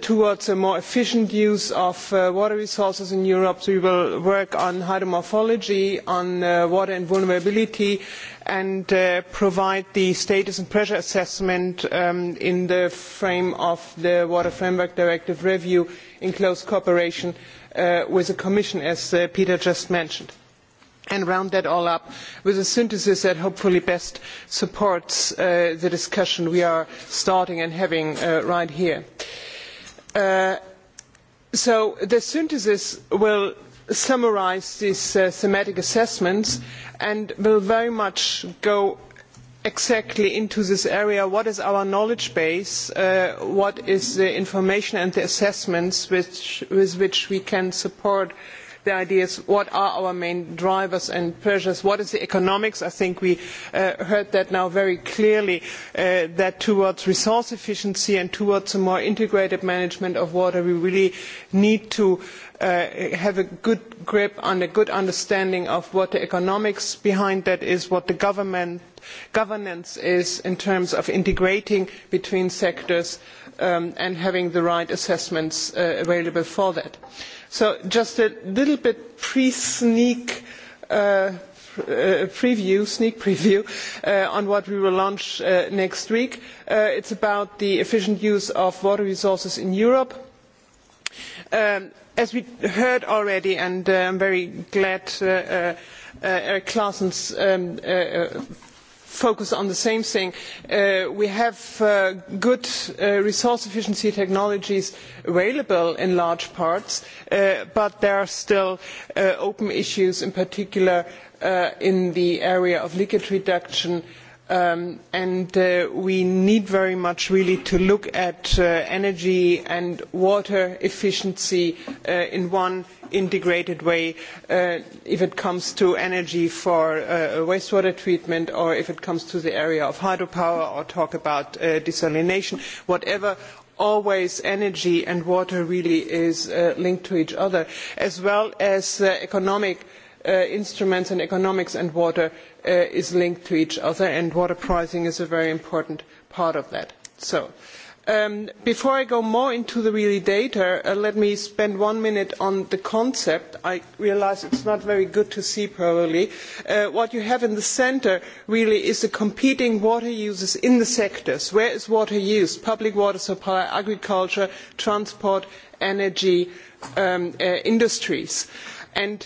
towards a more efficient use of water resources in europe so we will work on hydromorphology on water and vulnerability and uh, provide the status and pressure assessment um, in the frame of the Water Framework Directive review in close cooperation uh, with the Commission, as uh, Peter just mentioned and round that all up with a synthesis that hopefully best supports uh, the discussion we are starting and having uh, right here. Uh, so the synthesis will summarise these uh, thematic assessments and will very much go exactly into this area what is our knowledge base uh, what is the information and the assessments with which we can support the ideas what are our main drivers and pressures what is the economics i think we uh, heard that now very clearly that towards resource efficiency and towards a more integrated management of water we really need to Uh, have a good grip and a good understanding of what the economics behind that is what the governance is in terms of integrating between sectors um, and having the right assessments uh, available for that. so just a little bit pre sneak uh, sneak preview on what we will launch next week. it is about the efficient use of water resources in Europe. Um, as we heard already and uh, i am very glad uh, uh, eric claessen's um, focus on the same thing we have good resource efficiency technologies available in large parts but there are still open issues in particular in the area of leakage reduction and Um, and uh, we need very much really to look at uh, energy and water efficiency uh, in one integrated way if it comes to energy for wastewater treatment or if it comes to the area of hydropower or talk about desalination whatever always energy and water really is linked to each other as well as economic Uh, instruments and economics and water uh, is linked to each other and water pricing is a very important part of that. Um, before I go more into the real data, uh, let me spend one minute on the concept. I realise it is not very good to see probably. what you have in the centre really is the competing water uses in the sectors. Where is water used? Public water supply, agriculture, transport, energy, um, industries. And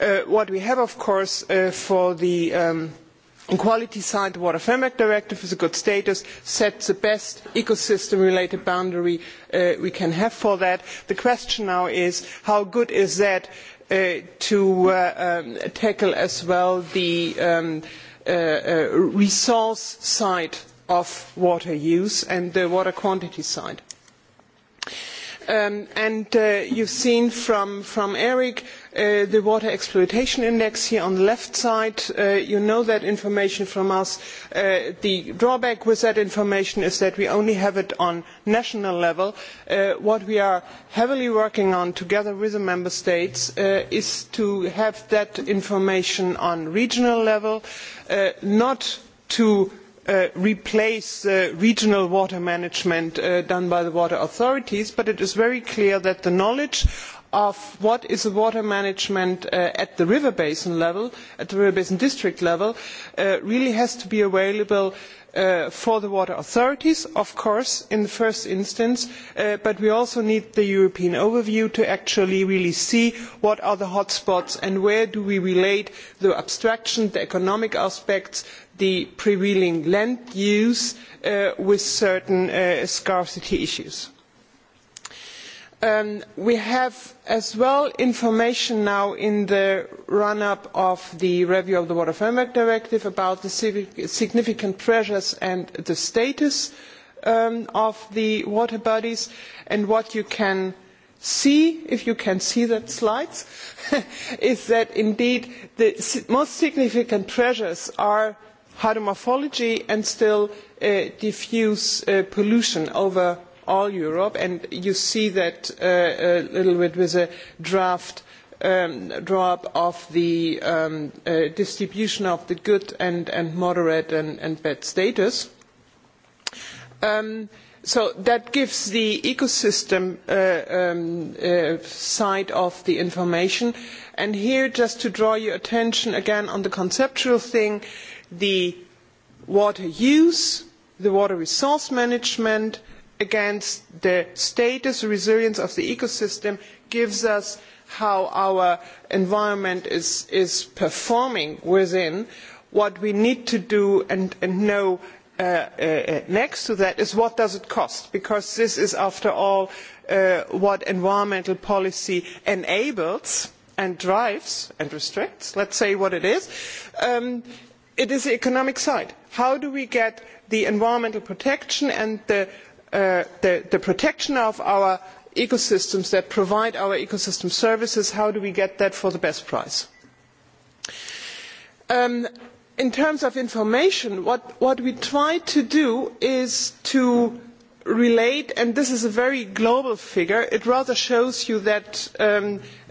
Uh, what we have of course uh, for the um, equality side the water framework directive is a good status sets the best ecosystem related boundary uh, we can have for that. the question now is how good is that to um, tackle as well the um, resource side of water use and the water quantity side. You have seen from, Eric Uh, the water exploitation index here on the left side uh, you know that information from us uh, the drawback with that information is that we only have it on national level what we are heavily working on together with the member states is to have that information on regional level not to replace the regional water management done by the water authorities but it is very clear that the knowledge of what is the water management uh, at the river basin level, at the river basin district level, uh, really has to be available uh, for the water authorities, of course, in the first instance, but we also need the European overview to actually really see what are the hotspots and where do we relate the abstraction, the economic aspects, the prevailing land use with certain scarcity issues. Um, we have as well information now in the run up to the review of the water framework directive about the significant pressures and the status um, of the water bodies and what you can see if you can see the slides (laughs) is that indeed the most significant pressures are hydromorphology and still uh, diffuse uh, pollution over all Europe. And you see that uh, a little bit with a draft um, draw up of the um, uh, distribution of the good and, and moderate and, and, bad status. Um, so that gives the ecosystem uh, um, uh, side of the information and here just to draw your attention again on the conceptual thing the water use the water resource management and against the status resilience of the ecosystem gives us how our environment is, performing within. What we need to do and, know uh, uh, uh, next to that is what does it cost? Because this is, after all, what environmental policy enables and drives and restricts. let us say what it is. Um, it is the economic side. How do we get the environmental protection and the Uh, the, the protection of our ecosystems that provide our ecosystem services how do we get that for the best price? Um, in terms of information what, we try to do is to relate and this is a very global figure it rather shows you that um,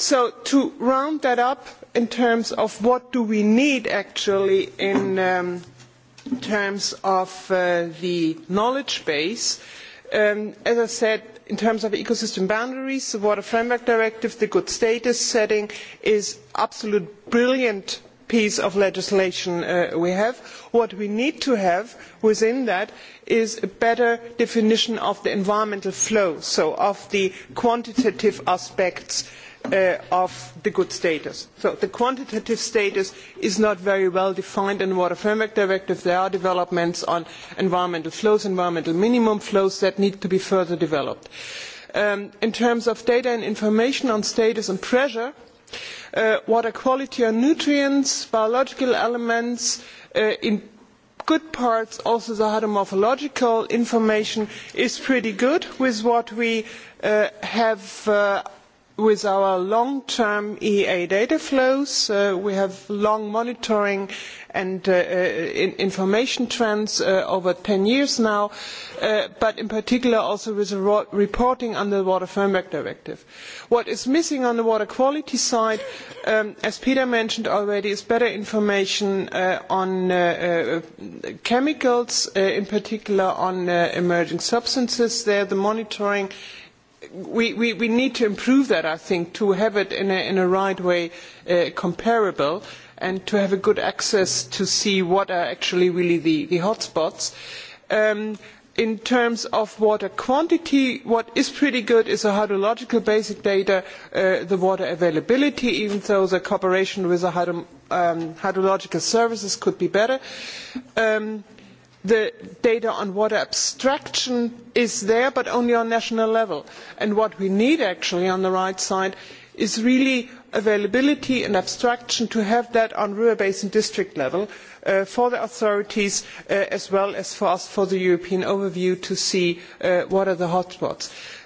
so to round that up in terms of what do we need actually in um, terms of uh, the knowledge base um, as i said in terms of ecosystem boundaries the water framework directive the good status setting is an absolutely brilliant piece of legislation uh, we have. what we need to have within that is a better definition of the environmental flow so of the quantitative aspects Uh, of the good status. So the quantitative status is not very well defined in the Water Framework Directive. There are developments on environmental flows, environmental minimum flows that need to be further developed. Um, in terms of data and information on status and pressure, uh, water quality and nutrients, biological elements, uh, in good parts also the hydromorphological information is pretty good with what we uh, have uh, with our long term ea data flows uh, we have long monitoring and uh, uh, information trends over ten years now but in particular also with the reporting under the water framework directive. what is missing on the water quality side um, as peter mentioned already is better information on chemicals in particular on emerging substances there the monitoring we, we, we need to improve that, I think, to have it in a, in a right way uh, comparable and to have a good access to see what are actually really the, the hotspots. Um, in terms of water quantity, what is pretty good is the hydrological basic data, uh, the water availability, even though the cooperation with the hydro, um, hydrological services could be better. Um, the data on water abstraction is there but only on national level and what we need actually on the right side is really availability and abstraction to have that on river basin district level uh, for the authorities uh, as well as for us for the european overview to see uh, what are the hot spots are.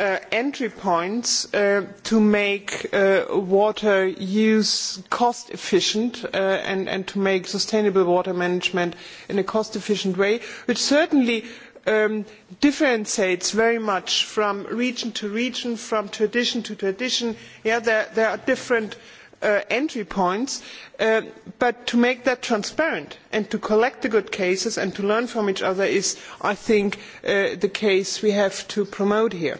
Uh, entry points uh, to make uh, water use cost efficient and, to make sustainable water management in a cost efficient way, which certainly um, differentiates very much from region to region, from tradition to tradition. there are different entry points, but to make that transparent and to collect the good cases and to learn from each other is, I think, the case we have to promote here.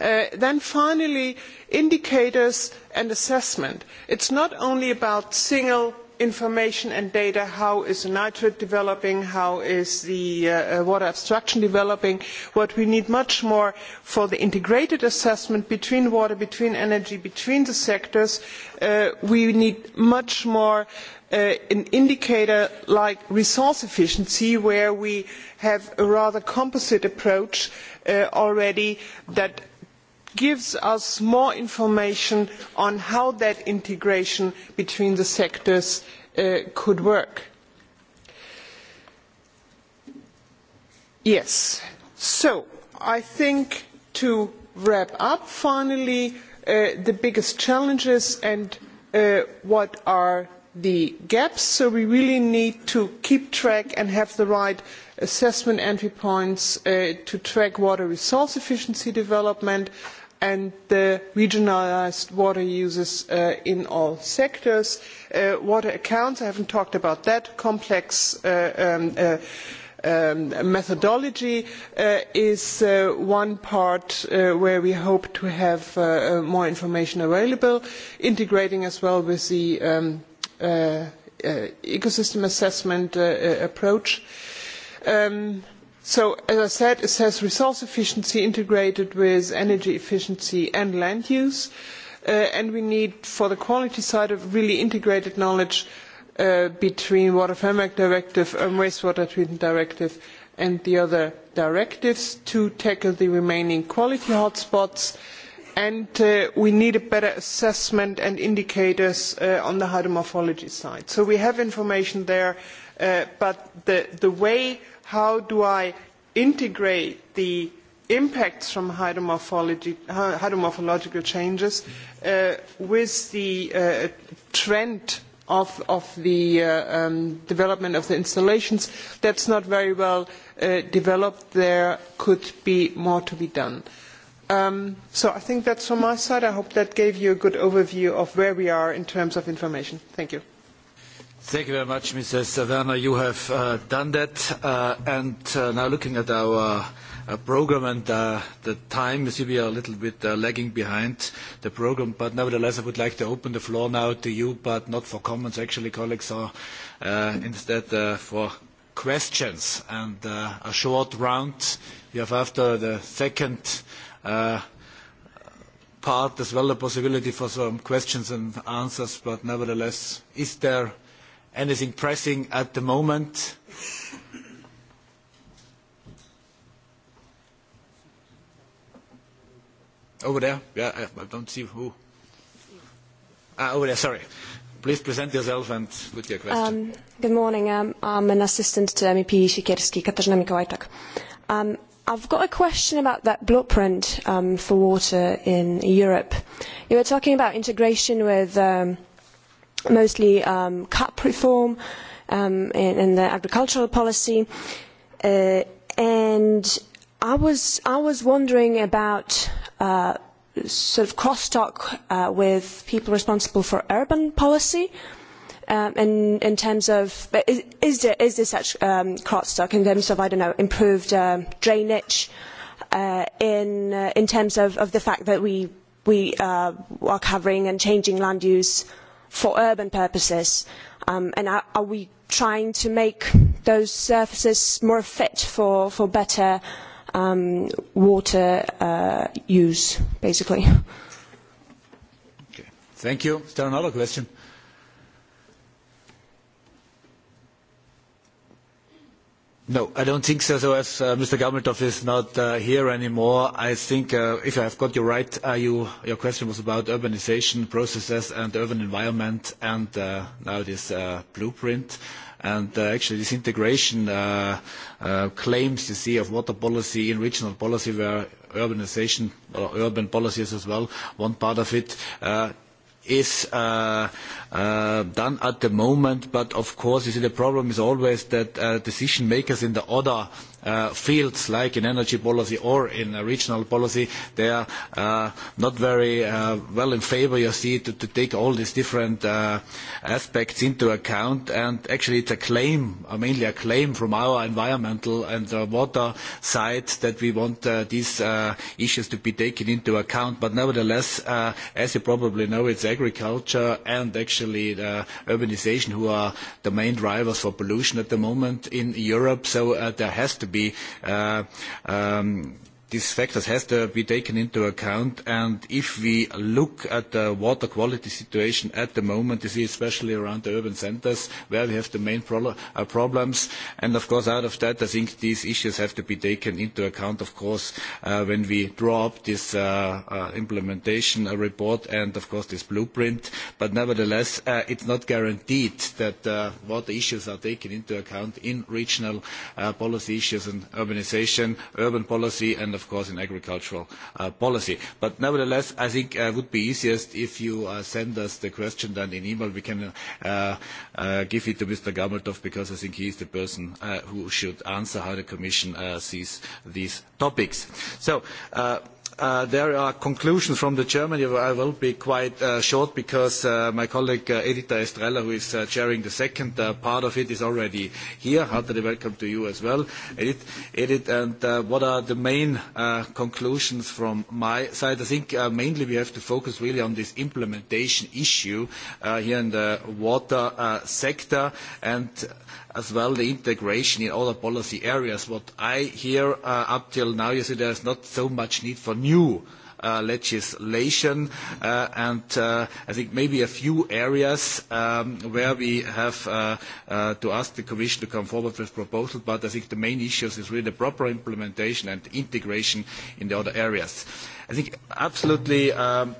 Uh, then finally, indicators and assessment. It is not only about single information and data how is nitrate developing how is the uh, uh, water abstraction developing what we need much more for the integrated assessment between water between energy between the sectors uh, we need much more uh, an indicator like resource efficiency where we have a rather composite approach uh, Uh, already that gives us more information on how that integration between the sectors uh, could work. Yes. So, i think to wrap up finally uh, the biggest challenges and what are the gaps so we really need to keep track and have the right assessment entry points uh, to track water resource efficiency development and the regionalised water uses uh, in all sectors. Uh, water accounts, I haven't talked about that, complex uh, um, uh, um, methodology uh, is one part where we hope to have more information available, integrating as well with the um, ecosystem assessment approach. Uh, Um, so as i said it resource efficiency integrated with energy efficiency and land use uh, and we need for the quality side of really integrated knowledge uh, between water framework directive and wastewater treatment directive and the other directives to tackle the remaining quality hotspots and uh, we need a better assessment and indicators on the hydromorphology side so we have information there Uh, but the, the way how do I integrate the impacts from hydromorphological changes uh, with the uh, trend of, of the uh, um, development of the installations, that is not very well uh, developed. There could be more to be done. Um, so I think that is from my side. I hope that gave you a good overview of where we are in terms of information. Thank you. Thank you very much, Mrs. Werner. You have uh, done that. Uh, and uh, now looking at our uh, program and uh, the time, you see we are a little bit uh, lagging behind the program, but nevertheless, I would like to open the floor now to you, but not for comments. Actually, colleagues or instead for questions and a short round. You have after the second part as well the possibility for some questions and answers, but nevertheless, is there anything pressing at the moment? Over there. Yeah, I don't see who. Ah, over there, sorry. Please present yourself and put your question. Um, good morning. Um, I'm an assistant to MEP Siekierski, Katarzyna Mikołajczak. Um, I've got a question about that blueprint um, for water in Europe. You were talking about integration with um, mostly um, CAP reform um, in in the agricultural policy. Uh, and I was, I was wondering about uh, sort of crosstalk uh, with people responsible for urban policy. Um, in, in terms of, is, is, there, is there such um, crosstalk in terms of, I don't know, improved uh, drainage, uh, in, uh, in terms of, of the fact that we, we uh, are covering and changing land use uh, for urban purposes? Um, and are, are, we trying to make those surfaces more fit for, for better um, water uh, use, basically? Okay. Thank you. Is there another question? No, I don't think so. So as uh, Mr. Gammeltoff is not uh, here anymore, I think, uh, if I have got you right, uh, you, your question was about urbanization processes and urban environment and uh, now this blueprint. And actually this integration claims you see of water policy in regional policy where urbanization or urban policies as well, one part of it, is uh, uh, done at the moment, but of course, you see, the problem is always that uh, decision makers in the other uh, fields like in energy policy or in regional policy, they are uh, not very uh, well in favour. you see, to, to, take all these different uh, aspects into account. And actually, it's a claim, uh, mainly a claim from our environmental and water side that we want uh, these issues to be taken into account. But nevertheless, as you probably know, it's agriculture and actually the urbanisation who are the main drivers for pollution at the moment in Europe. So there has to be aby um, these factors have to be taken into account. And if we look at the water quality situation at the moment, you see especially around the urban centres where we have the main pro uh, problems. And of course, out of that, I think these issues have to be taken into account, of course, uh, when we draw up this uh, uh implementation uh, report and, of course, this blueprint. But nevertheless, uh, it is not guaranteed that water issues are taken into account in regional policy issues and urbanisation, urban policy, and of course in agricultural uh, policy. But nevertheless, I think it uh, would be easiest if you uh, send us the question then in email. We can uh, give it to Mr. Gameltoff because I think he is the person who should answer how the Commission sees these topics. So, Uh, there are conclusions from the Germany. I will be quite uh, short because uh, my colleague uh, Edita Estrella, who is uh, chairing the second part of it, is already here. Heartily welcome to you as well, Edith. Edith and what are the main conclusions from my side? I think mainly we have to focus really on this implementation issue here in the water sector. and as well the integration in other policy areas. What I hear uh, up till now is that there is not so much need for new Uh, legislation. Uh, and uh, I think maybe a few areas um, where we have uh, uh, to ask the Commission to come forward with proposals, but I think the main issues is really the proper implementation and integration in the other areas. I think absolutely um,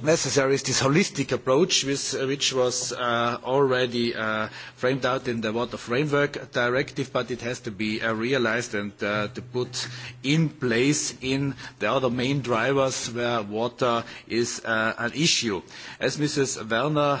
necessary is this holistic approach with, which was uh, already uh, framed out in the Water Framework Directive, but it has to be uh, realised and uh, to put in place in the other main drivers where water is uh, an issue. As Mrs. Werner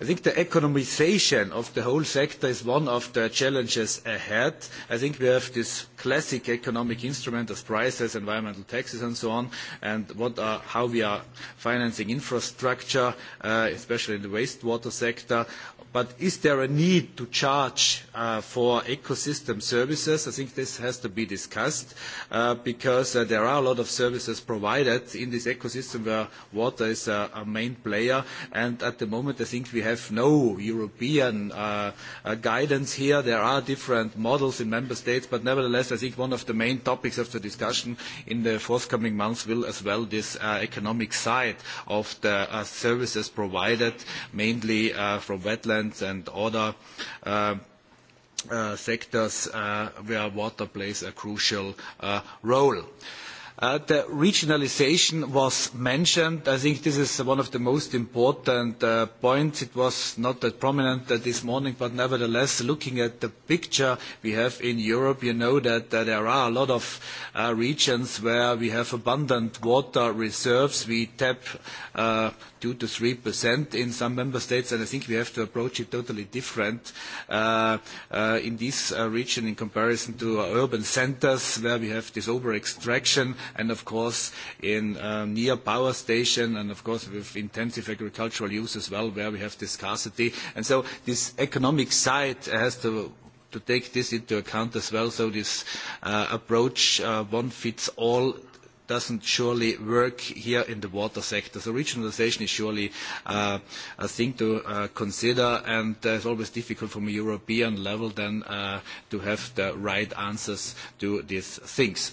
I think the economisation of the whole sector is one of the challenges ahead. I think we have this classic economic instrument of prices, environmental taxes, and so on, and are, how we are financing infrastructure, uh, especially in the wastewater sector, But is there a need to charge uh, for ecosystem services? I think this has to be discussed uh, because uh, there are a lot of services provided in this ecosystem where water is a, a main player. And at the moment, I think we have no European guidance here. There are different models in member states, but nevertheless, I think one of the main topics of the discussion in the forthcoming months will as well this economic side of the services provided, mainly from wetlands insurance and other uh, uh, sectors uh, where water plays a crucial role. the regionalisation was mentioned. I think this is one of the most important points. It was not that prominent this morning, but nevertheless, looking at the picture we have in Europe, you know that there are a lot of regions where we have abundant water reserves. We tap two to three percent in some member states, and I think we have to approach it totally different uh, uh, in this uh, region in comparison to urban centres where we have this over extraction, and of course in um, near power station, and of course with intensive agricultural use as well, where we have this scarcity, and so this economic side has to to take this into account as well. So this approach, one fits all doesn't surely work here in the water sector. So regionalisation is surely uh, a thing to uh, consider, and uh, it's always difficult from a European level then uh, to have the right answers to these things.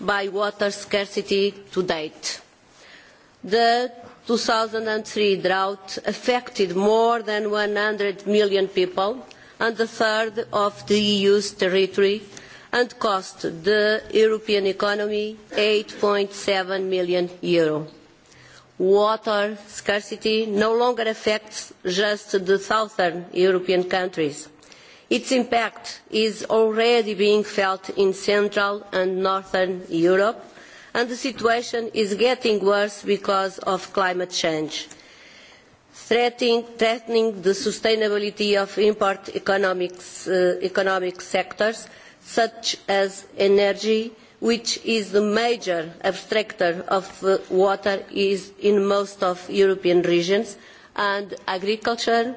by water scarcity to date. The two thousand and three drought affected more than one hundred million people and a third of the EU's territory and cost the European economy eight seven million euro. Water scarcity no longer affects just the southern European countries Its impact is already being felt in Central and Northern Europe, and the situation is getting worse because of climate change, threatening, the sustainability of import uh, economic sectors such as energy, which is the major abstractor of uh, water in most of European regions, and agriculture,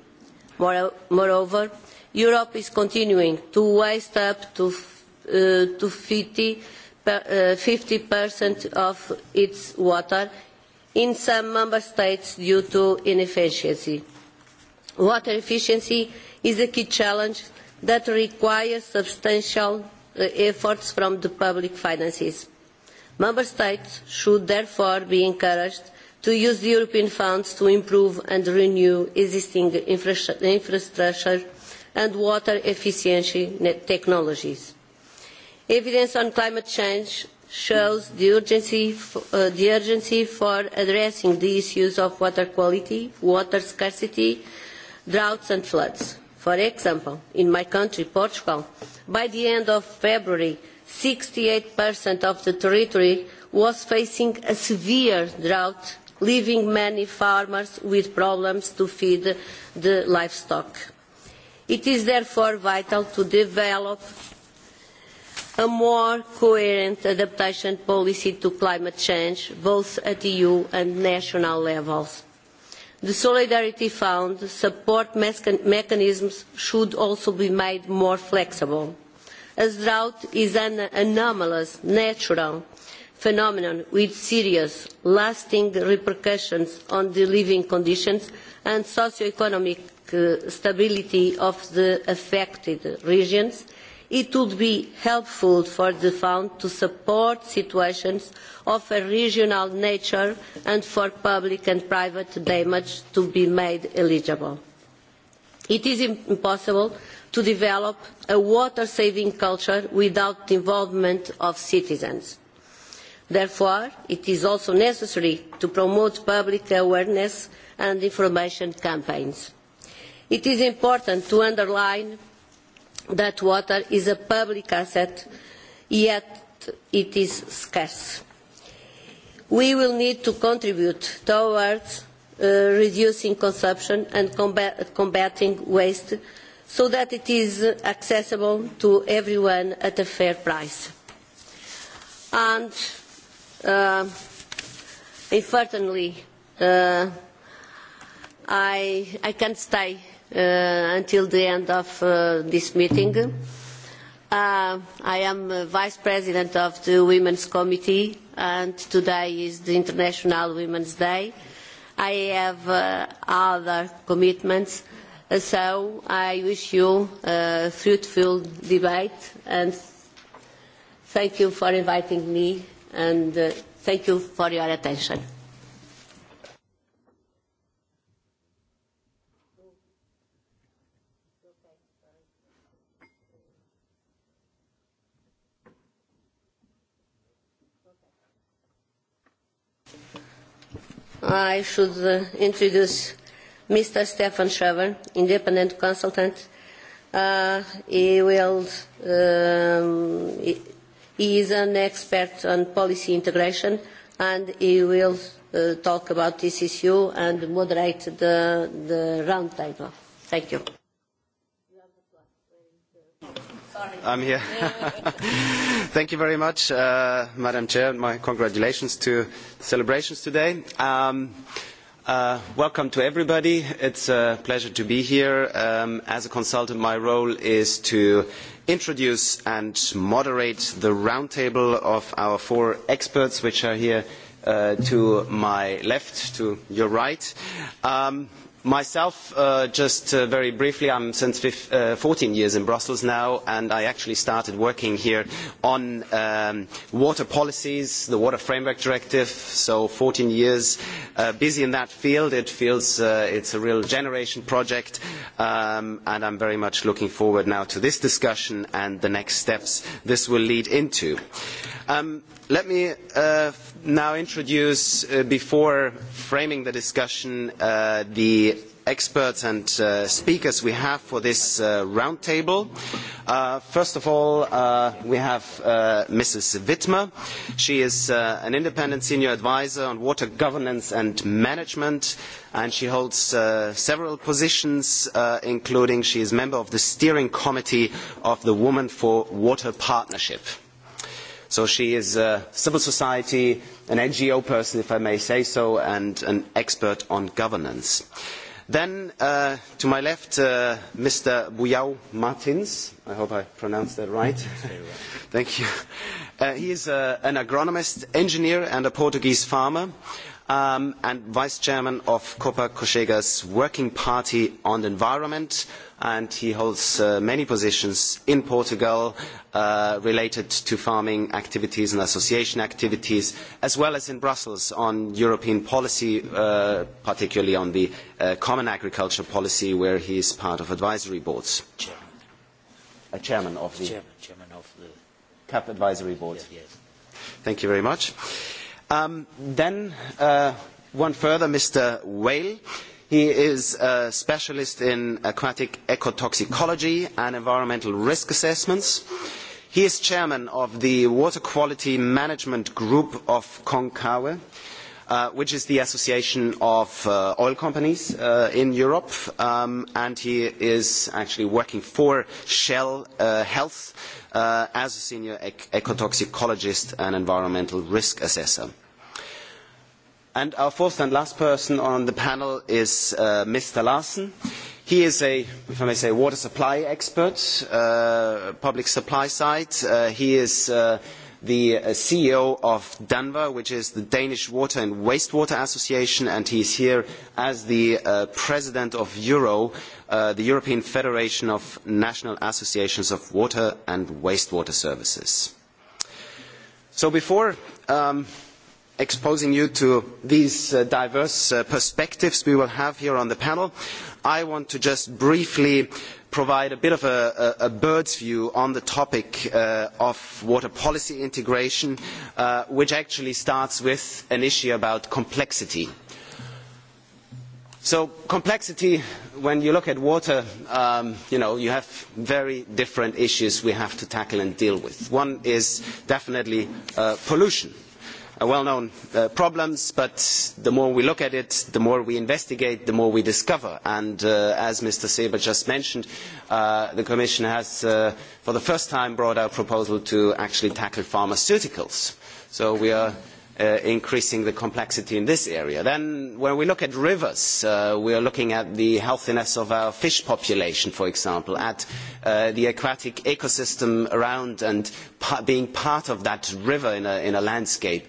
Moreover, Europe is continuing to waste up to, uh, fifty uh, of its water in some member states due to inefficiency. Water efficiency is a key challenge that requires substantial uh, efforts from the public finances. Member states should therefore be encouraged to use the European funds to improve and renew existing infrastructure and water efficiency technologies. Evidence on climate change shows the urgency, uh, the urgency for addressing the issues of water quality, water scarcity, droughts and floods. For example, in my country, Portugal, by the end of February, 68% of the territory was facing a severe drought leaving many farmers with problems to feed the livestock. It is therefore vital to develop a more coherent adaptation policy to climate change, both at EU and national levels. The Solidarity Fund support mechanisms should also be made more flexible. As drought is an anomalous, natural phenomenon with serious, lasting repercussions on the living conditions and socio-economic uh, stability of the affected regions, it would be helpful for the fund to support situations of a regional nature and for public and private damage to be made eligible. It is impossible to develop a water-saving culture without the involvement of citizens Therefore, it is also necessary to promote public awareness and information campaigns. It is important to underline that water is a public asset, yet it is scarce. We will need to contribute towards uh, reducing consumption and combating waste so that it is accessible to everyone at a fair price. And Uh, unfortunately, uh, I, I can't stay uh, until the end of uh, this meeting. Uh, I am Vice President of the Women's Committee and today is the International Women's Day. I have uh, other commitments, uh, so I wish you a fruitful debate and thank you for inviting me and uh, thank you for your attention. I should uh, introduce Mr. Stefan Schrever, independent consultant. Uh, he will um, He is an expert on policy integration and he will uh, talk about this issue and moderate the, the round table. Thank you. I'm here. (laughs) Thank you very much, uh, Madam Chair, my congratulations to celebrations today. Um, Uh, welcome to everybody. It's a pleasure to be here. Um, as a consultant, my role is to introduce and moderate the roundtable of our four experts, which are here uh, to my left, to your right. Um, Myself, uh, just uh, very briefly, I am since fif- uh, 14 years in Brussels now, and I actually started working here on um, water policies, the Water Framework Directive, so 14 years uh, busy in that field. It feels uh, it is a real generation project, um, and I am very much looking forward now to this discussion and the next steps this will lead into. Um, let me uh, now introduce, uh, before framing the discussion, uh, the experts and uh, speakers we have for this uh, roundtable. Uh, first of all, uh, we have uh, Mrs. Wittmer. She is uh, an independent senior advisor on water governance and management, and she holds several positions, including she is member of the steering committee of the Women for Water Partnership. So she is a civil society, an NGO person, if I may say so, and an expert on governance. Then, uh, to my left, uh, Mr. Buyao Martins. I hope I pronounced that right. (laughs) Thank you. Uh, he is uh, an agronomist, engineer, and a Portuguese farmer. Um, and vice chairman of Copa cogeca's working party on the environment. And he holds uh, many positions in Portugal uh, related to farming activities and association activities, as well as in Brussels on European policy, uh, particularly on the common agricultural policy, where he is part of advisory boards. Chairman, of the CAP advisory board. Thank you very much. Um, then uh, one further, Mr. Whale. He is a specialist in aquatic ecotoxicology and environmental risk assessments. He is chairman of the Water Quality Management Group of Konkawa Uh, which is the Association of uh, Oil Companies uh, in Europe, um, and he is actually working for Shell uh, Health as a senior ec ecotoxicologist and environmental risk assessor. And our fourth and last person on the panel is Mr. Larsen. He is a, if I may say, water supply expert, public supply side. he is the uh, CEO of DANVA, which is the Danish Water and Wastewater Association, and he is here as the uh, president of Euro, uh, the European Federation of National Associations of Water and Wastewater Services. So before um, exposing you to these uh, diverse uh, perspectives we will have here on the panel, I want to just briefly uh, provide a bit of a, a, bird's view on the topic uh, of water policy integration, uh, which actually starts with an issue about complexity. So complexity, when you look at water, um, you, know, you have very different issues we have to tackle and deal with. One is definitely uh, pollution. Uh, well known uh, problems but the more we look at it the more we investigate the more we discover and uh, as mr seeber just mentioned uh, the commission has uh, for the first time brought out a proposal to actually tackle pharmaceuticals so we are Uh, increasing the complexity in this area. Then when we look at rivers, uh, we are looking at the healthiness of our fish population, for example, at uh, the aquatic ecosystem around and pa being part of that river in a, in a landscape.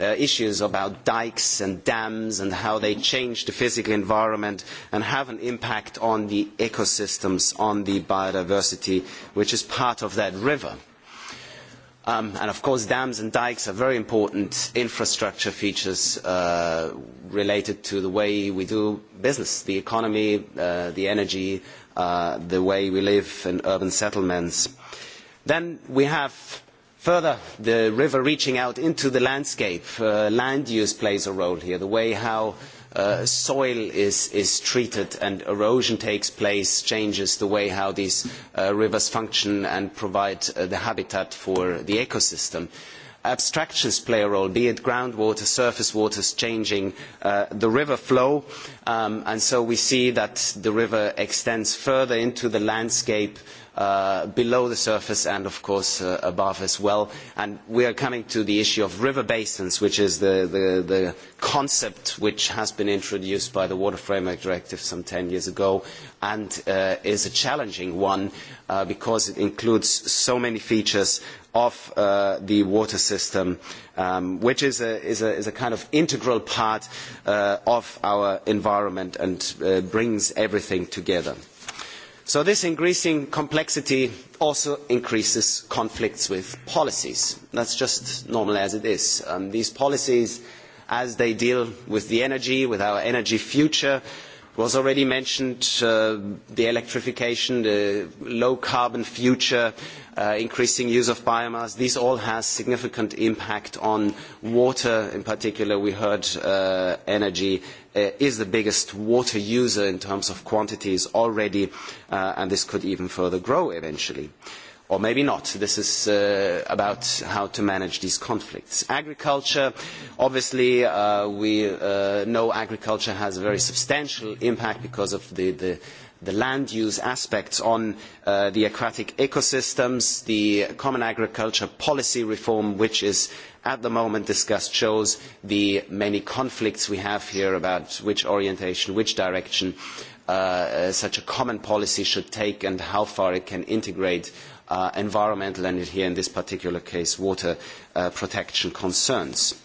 Uh, issues about dikes and dams and how they change the physical environment and have an impact on the ecosystems, on the biodiversity, which is part of that river. Um, and of course, dams and dikes are very important infrastructure features uh, related to the way we do business, the economy, uh, the energy, uh, the way we live in urban settlements. Then we have further the river reaching out into the landscape. land use plays a role here, the way how Uh, soil is, is, treated and erosion takes place, changes the way how these uh, rivers function and provide uh, the habitat for the ecosystem. Abstractions play a role, be it groundwater, surface waters changing uh, the river flow, um, and so we see that the river extends further into the landscape Uh, below the surface and of course uh, above as well. And we are coming to the issue of river basins, which is the, the, the concept which has been introduced by the Water Framework Directive some ten years ago and uh, is a challenging one uh, because it includes so many features of uh, the water system, um, which is a, is, a, is a, kind of integral part of our environment and brings everything together. So this increasing complexity also increases conflicts with policies. That is just normal as it is. Um, these policies, as they deal with the energy, with our energy future, was already mentioned uh, the electrification, the low carbon future, uh, increasing use of biomass. these all has significant impact on water, in particular, we heard uh, energy Uh, is the biggest water user in terms of quantities already, uh, and this could even further grow eventually. Or maybe not. This is uh, about how to manage these conflicts. Agriculture, obviously, uh, we know agriculture has a very substantial impact because of the, the the land use aspects on uh, the aquatic ecosystems. The common agriculture policy reform, which is at the moment discussed, shows the many conflicts we have here about which orientation, which direction uh, uh such a common policy should take and how far it can integrate uh, environmental and here in this particular case water uh, protection concerns.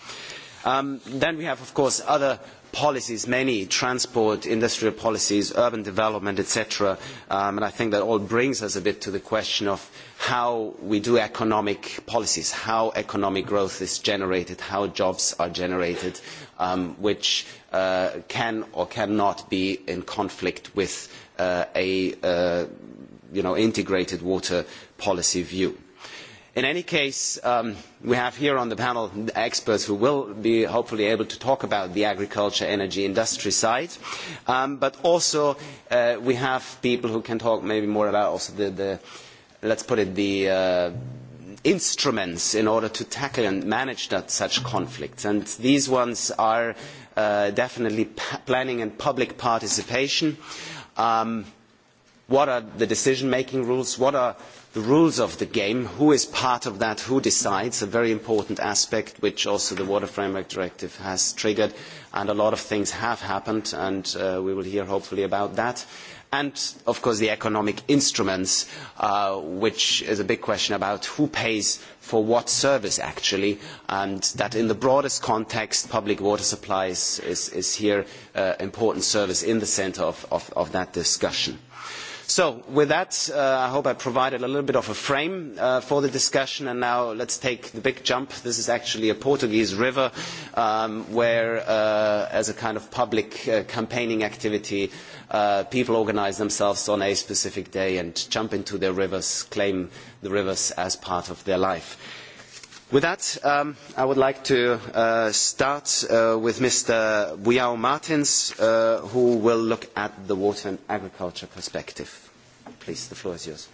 Um, then we have, of course, other policies, many transport, industrial policies, urban development, etc. Um, and I think that all brings us a bit to the question of how we do economic policies, how economic growth is generated, how jobs are generated, um, which uh, can or cannot be in conflict with uh, a uh, you know, integrated water policy view in any case um, we have here on the panel experts who will be hopefully able to talk about the agriculture energy industry side um, but also uh, we have people who can talk maybe more about also the, the let's put it the uh, instruments in order to tackle and manage that, such conflicts and these ones are uh, definitely planning and public participation um, what are the decision making rules what are the rules of the game, who is part of that, who decides, a very important aspect which also the Water Framework Directive has triggered, and a lot of things have happened, and uh, we will hear hopefully about that. And, of course, the economic instruments, uh, which is a big question about who pays for what service, actually, and that in the broadest context, public water supplies is, is here an uh, important service in the centre of, of, of that discussion. So with that, uh, I hope I provided a little bit of a frame uh, for the discussion, and now let's take the big jump. This is actually a Portuguese river um, where, uh, as a kind of public campaigning activity, people organize themselves on a specific day and jump into their rivers, claim the rivers as part of their life. With that, um, I would like to uh, start uh, with Mr. Buyao Martins, uh, who will look at the water and agriculture perspective. Please, the floor is yours.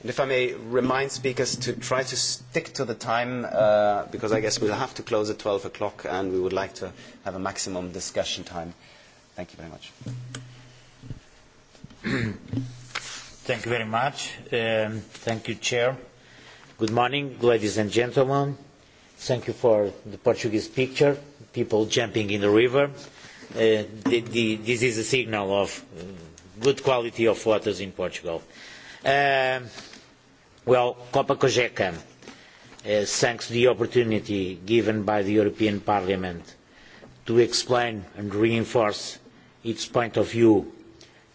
And if I may remind speakers to try to stick to the time, uh, because I guess we'll have to close at twelve o'clock, and we would like to have a maximum discussion time. Thank you very much. (clears throat) Thank you very much. Um, thank you, Chair. Good morning, ladies and gentlemen. Thank you for the Portuguese picture, people jumping in the river. Uh, the, the, this is a signal of uh, good quality of waters in Portugal. Uh, well, Copa Cogeca, uh, thanks to the opportunity given by the European Parliament to explain and reinforce its point of view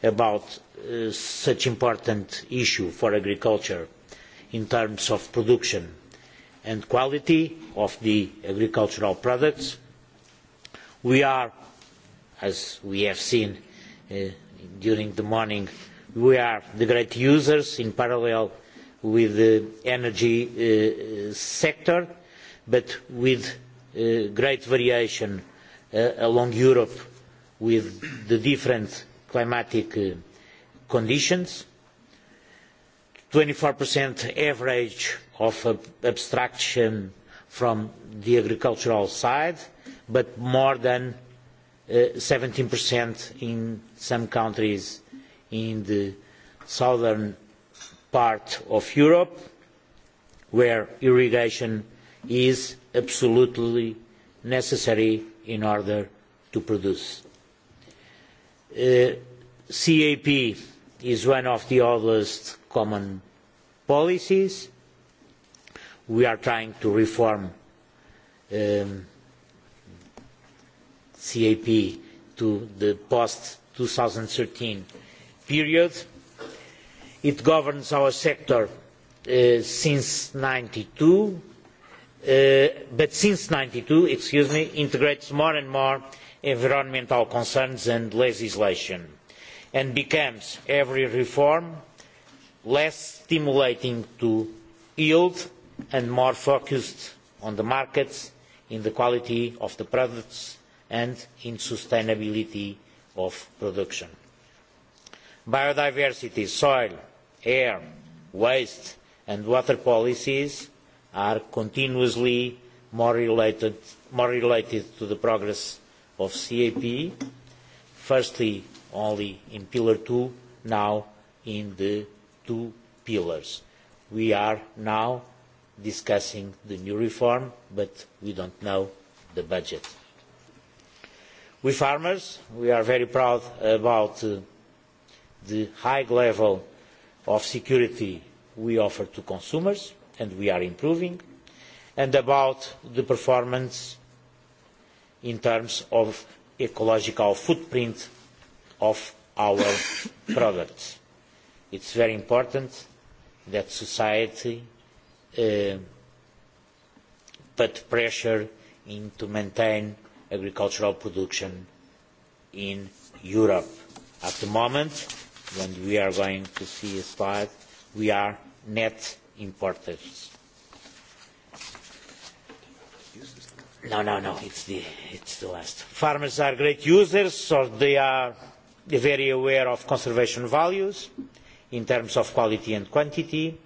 about uh, such important issue for agriculture in terms of production and quality of the agricultural products. We are, as we have seen uh, during the morning, we are the great users in parallel with the energy uh, sector, but with uh, great variation uh, along Europe with the different climatic uh, conditions 24% average of abstraction from the agricultural side, but more than uh, in some countries in the southern part of Europe, where irrigation is absolutely necessary in order to produce. Uh, CAP is one of the oldest common policies. We are trying to reform um, CAP to the post thirteen period. It governs our sector uh, since ninety two, uh, but since ninety two, excuse me, integrates more and more environmental concerns and legislation and becomes every reform less stimulating to yield and more focused on the markets in the quality of the products and in sustainability of production. Biodiversity, soil, air, waste and water policies are continuously more related, more related to the progress of CAP, firstly only in Pillar two, now in the two pillars. We are now discussing the new reform, but we don't know the budget. We farmers, we are very proud about uh, the high level of security we offer to consumers, and we are improving, and about the performance in terms of ecological footprint of our products. It is very important that society uh, put pressure in to maintain agricultural production in Europe. At the moment, when we are going to see a slide, we are net importers. No, no, no, it's the, it's the last. Farmers are great users, or so they are very aware of conservation values in terms of quality and quantity.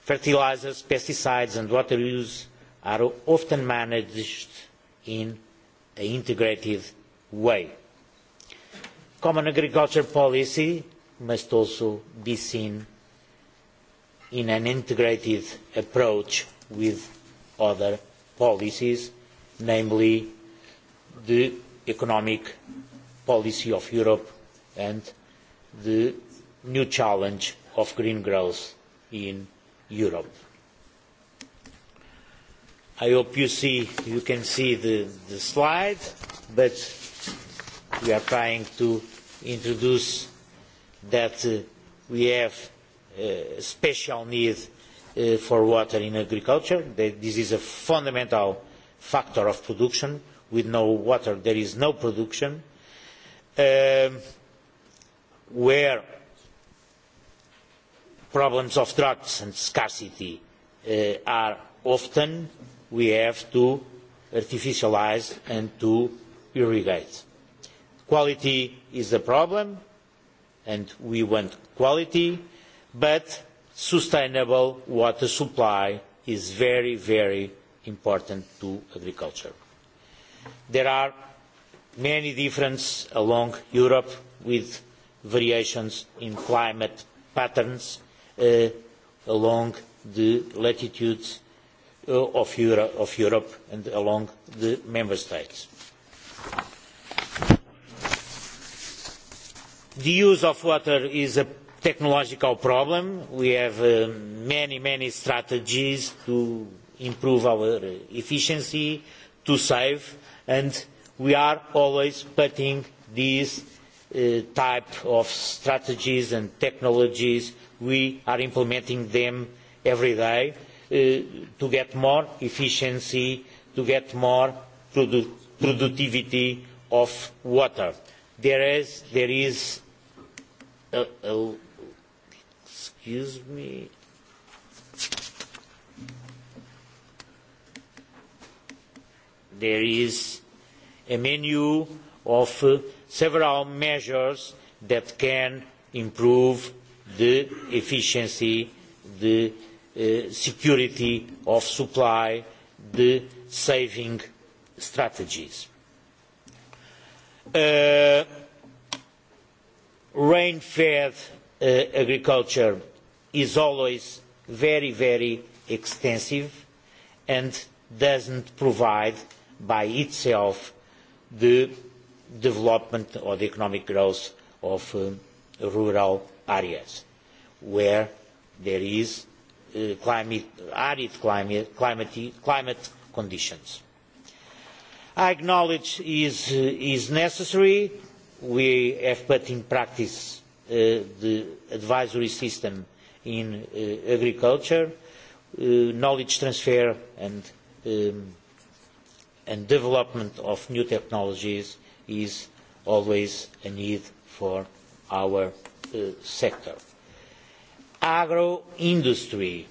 Fertilisers, pesticides and water use are often managed in an integrated way. Common agriculture policy must also be seen in an integrated approach with other policies, namely the economic policy of Europe and the new challenge of green growth in Europe. I hope you see you can see the, the slide, but we are trying to introduce that uh, we have uh, special need uh, for water in agriculture. That this is a fundamental factor of production. With no water, there is no production um, where problems of drugs and scarcity uh, are often we have to artificialise and to irrigate. Quality is a problem and we want quality, but sustainable water supply is very, very important to agriculture. There are many differences along Europe with variations in climate patterns uh, along the latitudes uh, of, Euro of Europe and along the member states. The use of water is a technological problem. We have uh, many, many strategies to improve our efficiency, to save, and we are always putting these uh, type of strategies and technologies, we are implementing them every day uh, to get more efficiency, to get more produ productivity of water. There is, there is uh, a, a, excuse me, there is a menu of uh, several measures that can improve the efficiency, the uh, security of supply, the saving strategies. Uh, rain-fed uh, agriculture is always very, very extensive and does not provide by itself the development or the economic growth of um, rural areas where there is uh, climate, arid climate, climate, climate conditions. I acknowledge is, uh, is necessary. We have put in practice uh, the advisory system in uh, agriculture, uh, knowledge transfer and um, and development of new technologies is always a need for our uh, sector. Agro industry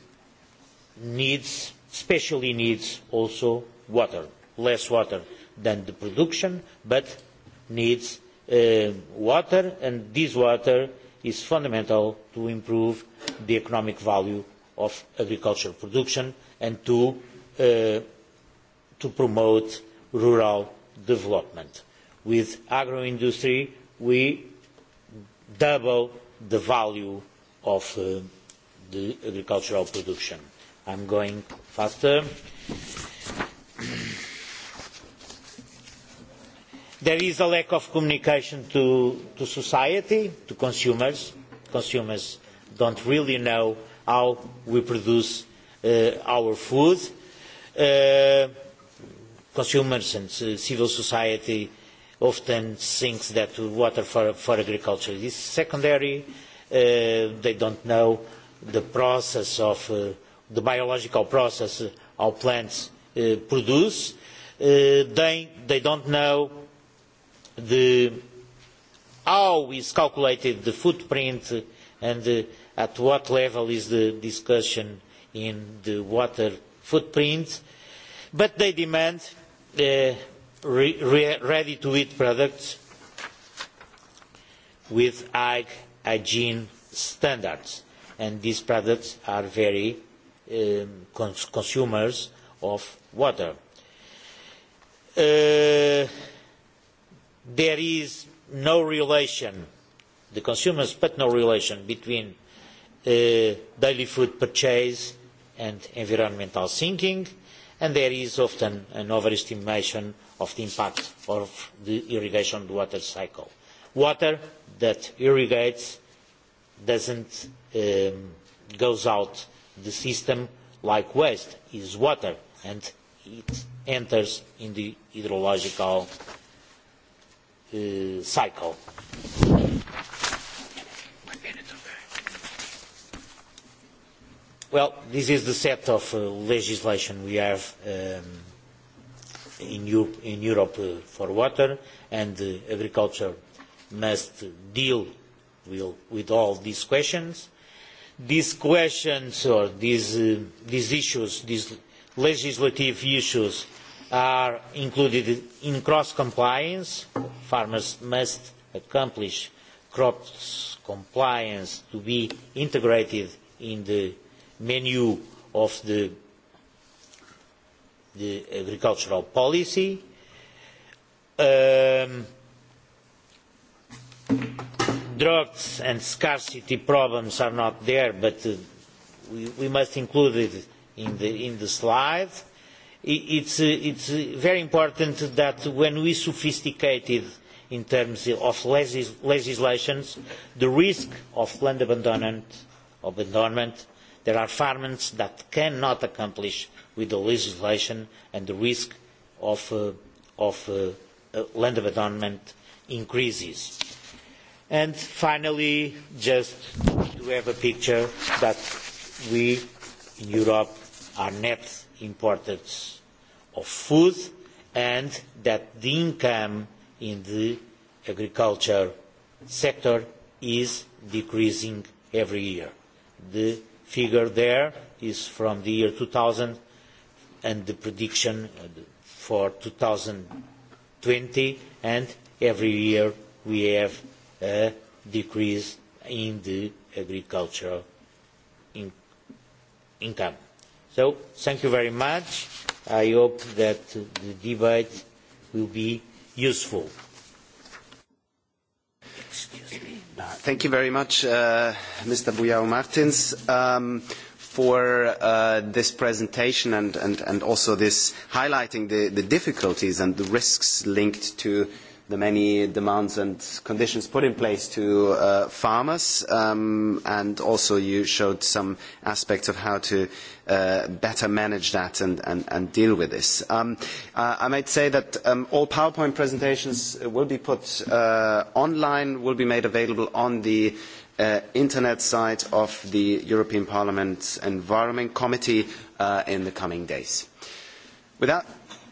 needs, especially needs also water, less water than the production, but needs uh, water, and this water is fundamental to improve the economic value of agricultural production and to uh, to promote rural development. With agro industry, we double the value of uh, the agricultural production. I am going faster. There is a lack of communication to, to society, to consumers. Consumers don't really know how we produce uh, our food. Uh, consumers and uh, civil society often thinks that water for, for agriculture is secondary. Uh, they don't know the process of uh, the biological process our plants uh, produce. Uh, they, they don't know the, how is calculated the footprint and uh, at what level is the discussion in the water footprint. But they demand E, re re ready to eat products with high hygiene standards. And these products are very um, cons consumers of water. Uh, there is no relation, the consumers, but no relation between uh, daily food purchase and environmental thinking. Uh, and there is often an overestimation of the impact of the irrigation water cycle. Water that irrigates doesn't um, goes out the system like waste is water and it enters in the hydrological uh, cycle. Well, this is the set of uh, legislation we have um, in Europe, in Europe uh, for water, and uh, agriculture must deal with, with all these questions. These questions or these, uh, these issues, these legislative issues, are included in cross compliance. Farmers must accomplish crops compliance to be integrated in the menu of the, the agricultural policy. Um, drugs and scarcity problems are not there, but uh, we, we must include it in the, in the slide. It, it's, uh, it's very important that when we sophisticated in terms of legis legislation, the risk of land abandonment, abandonment There are farmers that cannot accomplish with the legislation and the risk of, uh, of uh, uh, land abandonment increases. And finally, just to have a picture that we in Europe are net importers of food and that the income in the agriculture sector is decreasing every year. The figure there is from the year 2000 and the prediction uh, for 2020 and every year we have a decrease in the agricultural in income. So thank you very much. I hope that the debate will be useful. Excuse me. Thank you very much, uh, Mr. Bujao Martins, um, for uh, this presentation and, and, and also this highlighting the, the difficulties and the risks linked to the many demands and conditions put in place to uh, farmers, um, and also you showed some aspects of how to uh, better manage that and, and, and deal with this. Um, uh, I might say that um, all PowerPoint presentations will be put uh, online, will be made available on the Uh, internet site of the European Parliament's Environment Committee uh, in the coming days. With that,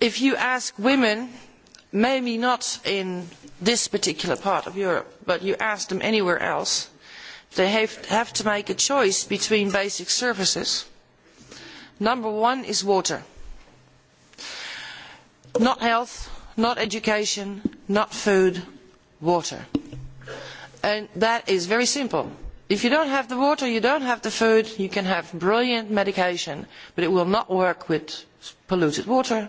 if you ask women maybe not in this particular part of europe but you ask them anywhere else they have, have to make a choice between basic services number one is water not health not education not food water and that is very simple if you do not have the water you do not have the food you can have brilliant medication but it will not work with polluted water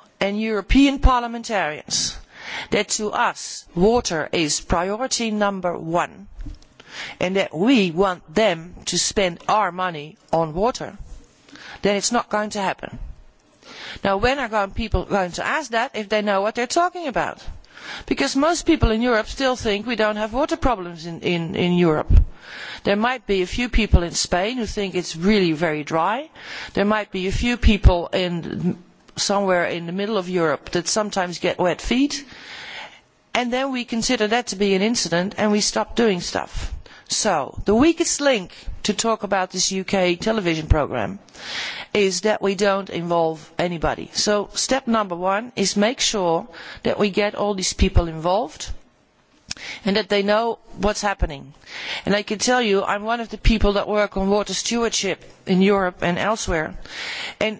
and european parliamentarians that to us water is priority number one and that we want them to spend our money on water then it is not going to happen. Now, when are people going to ask that if they know what they are talking about? Because most people in Europe still think we do not have water problems in, in, in, Europe. There might be a few people in Spain who think it is really very dry. There might be a few people in somewhere in the middle of Europe that sometimes get wet feet, and then we consider that to be an incident and we stop doing stuff. So, the weakest link to talk about this UK television programme is that we do not involve anybody. So, step number one is make sure that we get all these people involved and that they know what is happening. And I can tell you, I am one of the people that work on water stewardship in Europe and elsewhere. And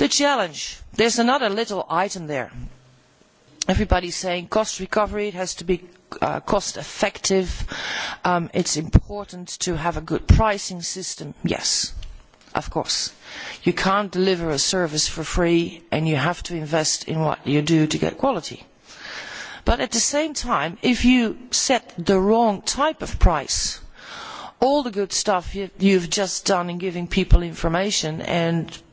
the challenge there is another little item there everybody is saying cost recovery has to be uh, cost effective um, it is important to have a good pricing system yes of course you cannot deliver a service for free and you have to invest in what you do to get quality but at the same time if you set the wrong type of price all the good stuff you have just done in giving people information and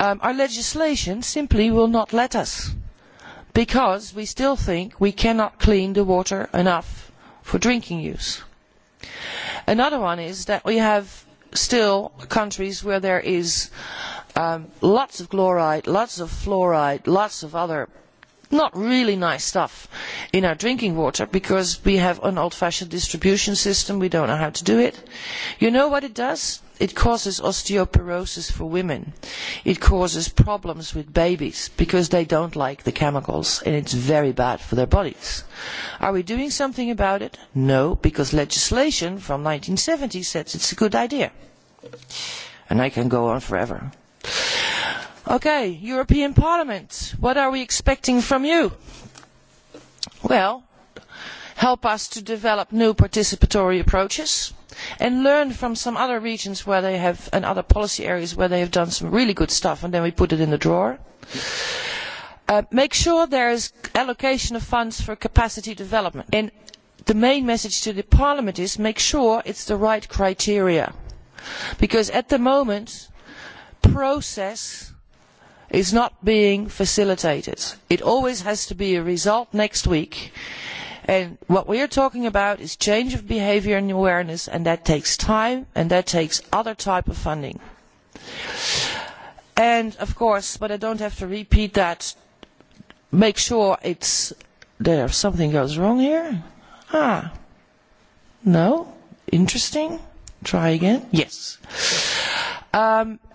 Um, our legislation simply will not let us because we still think we cannot clean the water enough for drinking use. Another one is that we have still countries where there is um, lots of chloride, lots of fluoride, lots of other not really nice stuff in our drinking water because we have an old-fashioned distribution system. We don't know how to do it. You know what it does? It causes osteoporosis for women. It causes problems with babies because they don't like the chemicals and it's very bad for their bodies. Are we doing something about it? No, because legislation from seventy says it's a good idea. And I can go on forever. Okay, European Parliament, what are we expecting from you? Well, help us to develop new participatory approaches and learn from some other regions where they have and other policy areas where they have done some really good stuff and then we put it in the drawer. Uh, make sure there is allocation of funds for capacity development and the main message to parliament is make sure it is the right criteria because at the moment process is not being facilitated. it always has to be a result next week and And what we are talking about is change of behaviour and awareness, and that takes time, and that takes other type of funding. And of course, but I don't have to repeat that. Make sure it's there. Something goes wrong here. Ah, no, interesting. Try again. Yes. Um,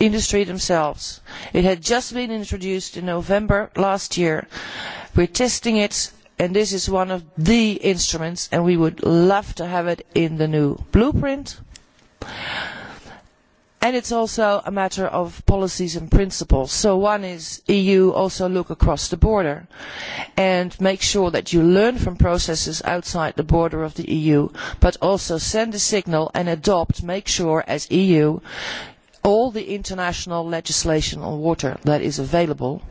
industry themselves. It had just been introduced in November last year. We are testing it, and this is one of the instruments, and we would love to have it in the new blueprint. And it is also a matter of policies and principles. So one is the EU also look across the border and make sure that you learn from processes outside the border of the EU, but also send a signal and adopt, make sure as EU all the international legislation on water that is available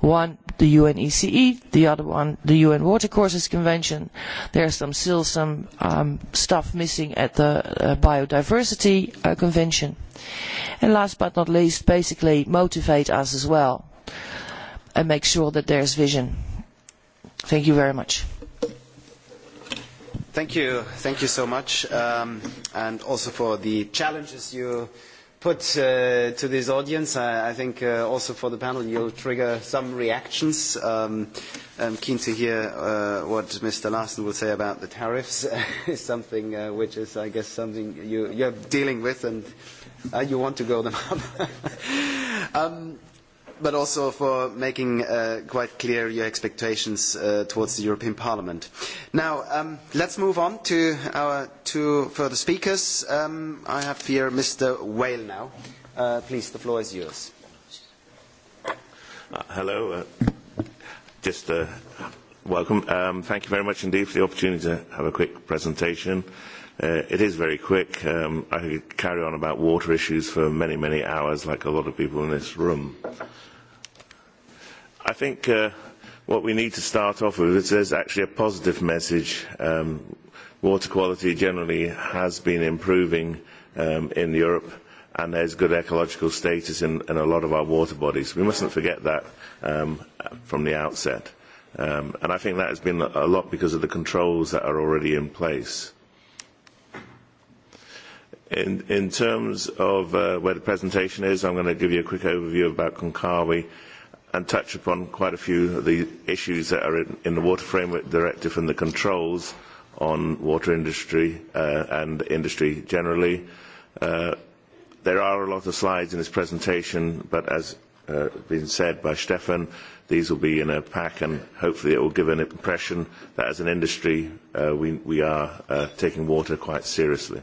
one the UNECE, e, the other one the UN Water Courses Convention. is some still some um, stuff missing at the uh, Biodiversity uh, Convention. And last but not least, basically motivate us as well and make sure that there is vision. Thank you very much. Thank you. Thank you so much, um, and also for the challenges you put uh, to this audience. I, I think uh, also for the panel you'll trigger some reactions. Um, I'm keen to hear uh, what Mr. Larsen will say about the tariffs. (laughs) something uh, which is, I guess, something you, you're dealing with and uh, you want to go them up. (laughs) um, but also for making uh, quite clear your expectations uh, towards the European Parliament. Now, um, let's move on to our two further speakers. Um, I have here Mr. Whale now. Uh, please, the floor is yours. Uh, hello. Uh, just uh, welcome. Um, thank you very much indeed for the opportunity to have a quick presentation. Uh, it is very quick. Um, I could carry on about water issues for many, many hours, like a lot of people in this room. I think uh, what we need to start off with is there's actually a positive message. Um, water quality generally has been improving um, in Europe, and there's good ecological status in, in a lot of our water bodies. We mustn't forget that um, from the outset. Um, and I think that has been a lot because of the controls that are already in place. In, in terms of uh, where the presentation is, I'm going to give you a quick overview about Konkawi and touch upon quite a few of the issues that are in, in the Water Framework Directive and the controls on water industry uh, and industry generally. Uh, there are a lot of slides in this presentation, but as uh, been said by Stefan, these will be in a pack, and hopefully it will give an impression that as an industry, uh, we, we are uh, taking water quite seriously.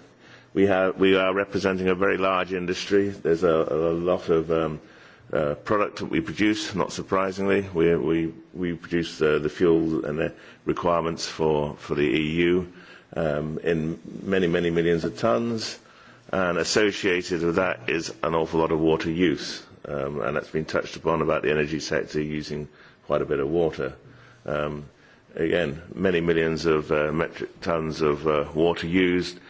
We, have, we are representing a very large industry. There's a, a lot of um, uh, product that we produce, not surprisingly. We, we, we produce uh, the fuel and the requirements for, for the EU um, in many, many millions of tons. And associated with that is an awful lot of water use. Um, and that's been touched upon about the energy sector using quite a bit of water. Um, again, many millions of uh, metric tons of uh, water used –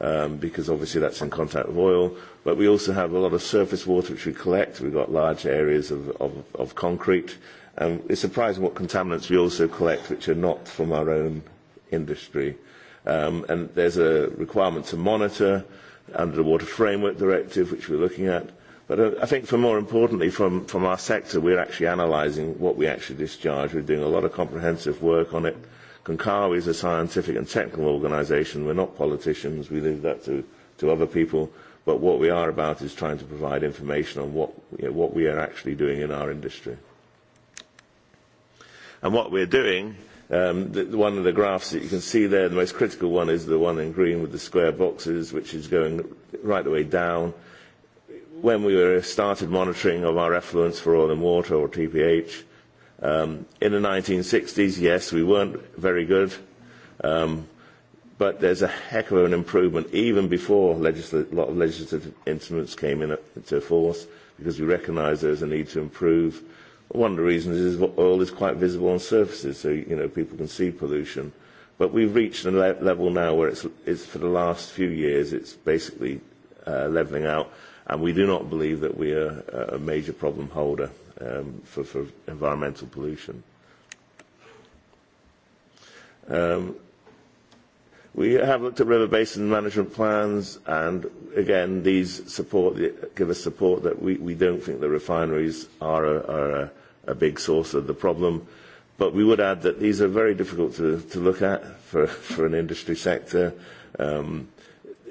um, because obviously that's in contact with oil. But we also have a lot of surface water which we collect. We've got large areas of, of, of concrete. And it's surprising what contaminants we also collect which are not from our own industry. Um, and there's a requirement to monitor under the Water Framework Directive, which we're looking at. But uh, I think for more importantly, from, from our sector, we're actually analysing what we actually discharge. We're doing a lot of comprehensive work on it. Mm-hmm CONCAWI is a scientific and technical organisation. We're not politicians. We leave that to, to other people. But what we are about is trying to provide information on what, you know, what we are actually doing in our industry. And what we're doing, um, the, one of the graphs that you can see there, the most critical one is the one in green with the square boxes, which is going right the way down. When we were started monitoring of our effluents for oil and water, or TPH, Um, in the 1960s, yes, we weren't very good, um, but there's a heck of an improvement even before legisl- a lot of legislative instruments came in, uh, into force because we recognise there's a need to improve. One of the reasons is oil is quite visible on surfaces, so you know people can see pollution. But we've reached a le- level now where it's, it's for the last few years it's basically uh, levelling out, and we do not believe that we are a major problem holder um, for, for environmental pollution. Um, we have looked at river basin management plans, and again, these support the, give us support that we, we don't think the refineries are, a, are a, a big source of the problem. But we would add that these are very difficult to, to look at for, (laughs) for an industry sector. Um,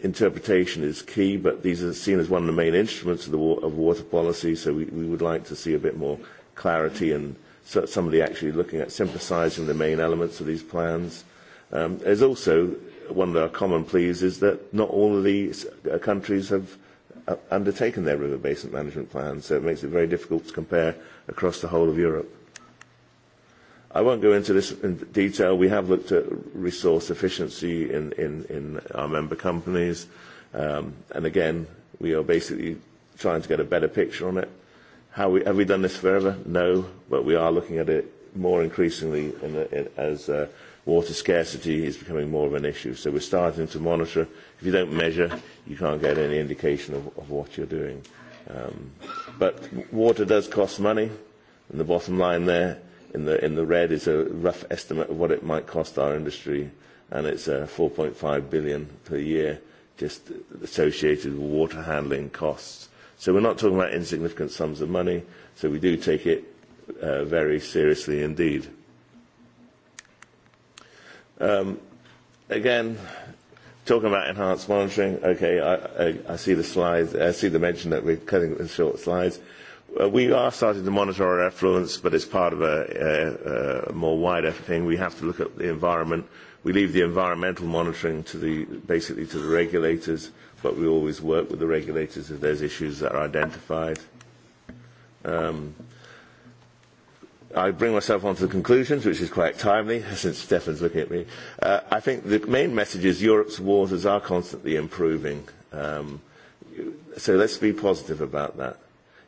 interpretation is key, but these are seen as one of the main instruments of, the, wa of water policy, so we, we would like to see a bit more clarity and so, somebody actually looking at synthesizing the main elements of these plans. Um, there's also one of our common pleas is that not all of these uh countries have uh undertaken their river basin management plans, so it makes it very difficult to compare across the whole of Europe. I won't go into this in detail. We have looked at resource efficiency in, in, in our member companies. Um, and again, we are basically trying to get a better picture on it. How we, have we done this forever? No, but we are looking at it more increasingly in the, as uh, water scarcity is becoming more of an issue. So we're starting to monitor. If you don't measure, you can't get any indication of, of what you're doing. Um, but water does cost money, and the bottom line there In the, in the red is a rough estimate of what it might cost our industry, and it's uh, 4.5 billion per year just associated with water handling costs. So we're not talking about insignificant sums of money, so we do take it uh, very seriously indeed. Um, again, talking about enhanced monitoring, okay, I, I, I see the slides, I see the mention that we're cutting the short slides. Uh, we are starting to monitor our effluents, but it's part of a, a, a more wider thing. We have to look at the environment. We leave the environmental monitoring to the, basically to the regulators, but we always work with the regulators if there's issues that are identified. Um, I bring myself on to the conclusions, which is quite timely, (laughs) since Stefan's looking at me. Uh, I think the main message is Europe's waters are constantly improving. Um, so let's be positive about that.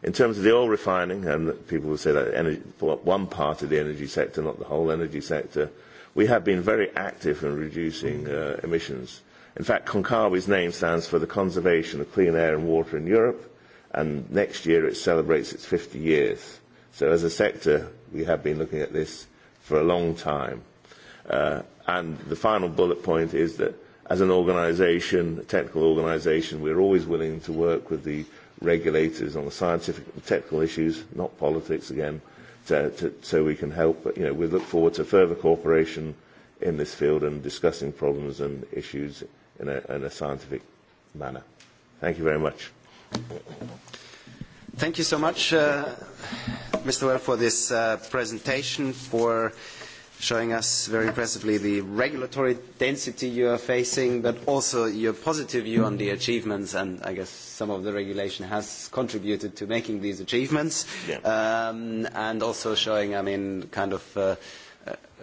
In terms of the oil refining, and people will say that energy, one part of the energy sector, not the whole energy sector, we have been very active in reducing uh, emissions. In fact, Concavi's name stands for the conservation of clean air and water in Europe, and next year it celebrates its 50 years. So as a sector, we have been looking at this for a long time. Uh, and the final bullet point is that as an organisation, a technical organisation, we're always willing to work with the regulators on the scientific and technical issues, not politics again, to, to, so we can help. But, you know, we look forward to further cooperation in this field and discussing problems and issues in a, in a scientific manner. Thank you very much. Thank you so much, uh, Mr. Well, for this uh, presentation, for showing us very impressively the regulatory density you are facing, but also your positive view on the achievements, and I guess some of the regulation has contributed to making these achievements. Yeah. Um, and also showing, I mean, kind of uh,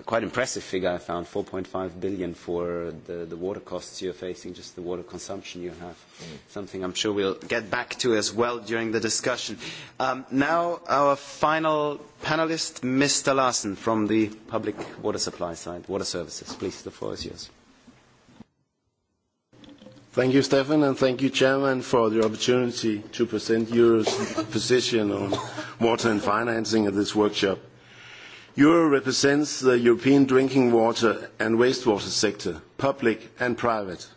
quite impressive figure I found, 4.5 billion for the, the water costs you're facing, just the water consumption you have. Mm. Something I'm sure we'll get back to as well during the discussion. Um, now our final panelist, Mr. Larsen from the public water supply side, water services. Please, the floor is yours. Thank you, Stefan, and thank you, Chairman, for the opportunity to present your position on water and financing at this workshop. Euro represents the European drinking water and wastewater sector, public and private.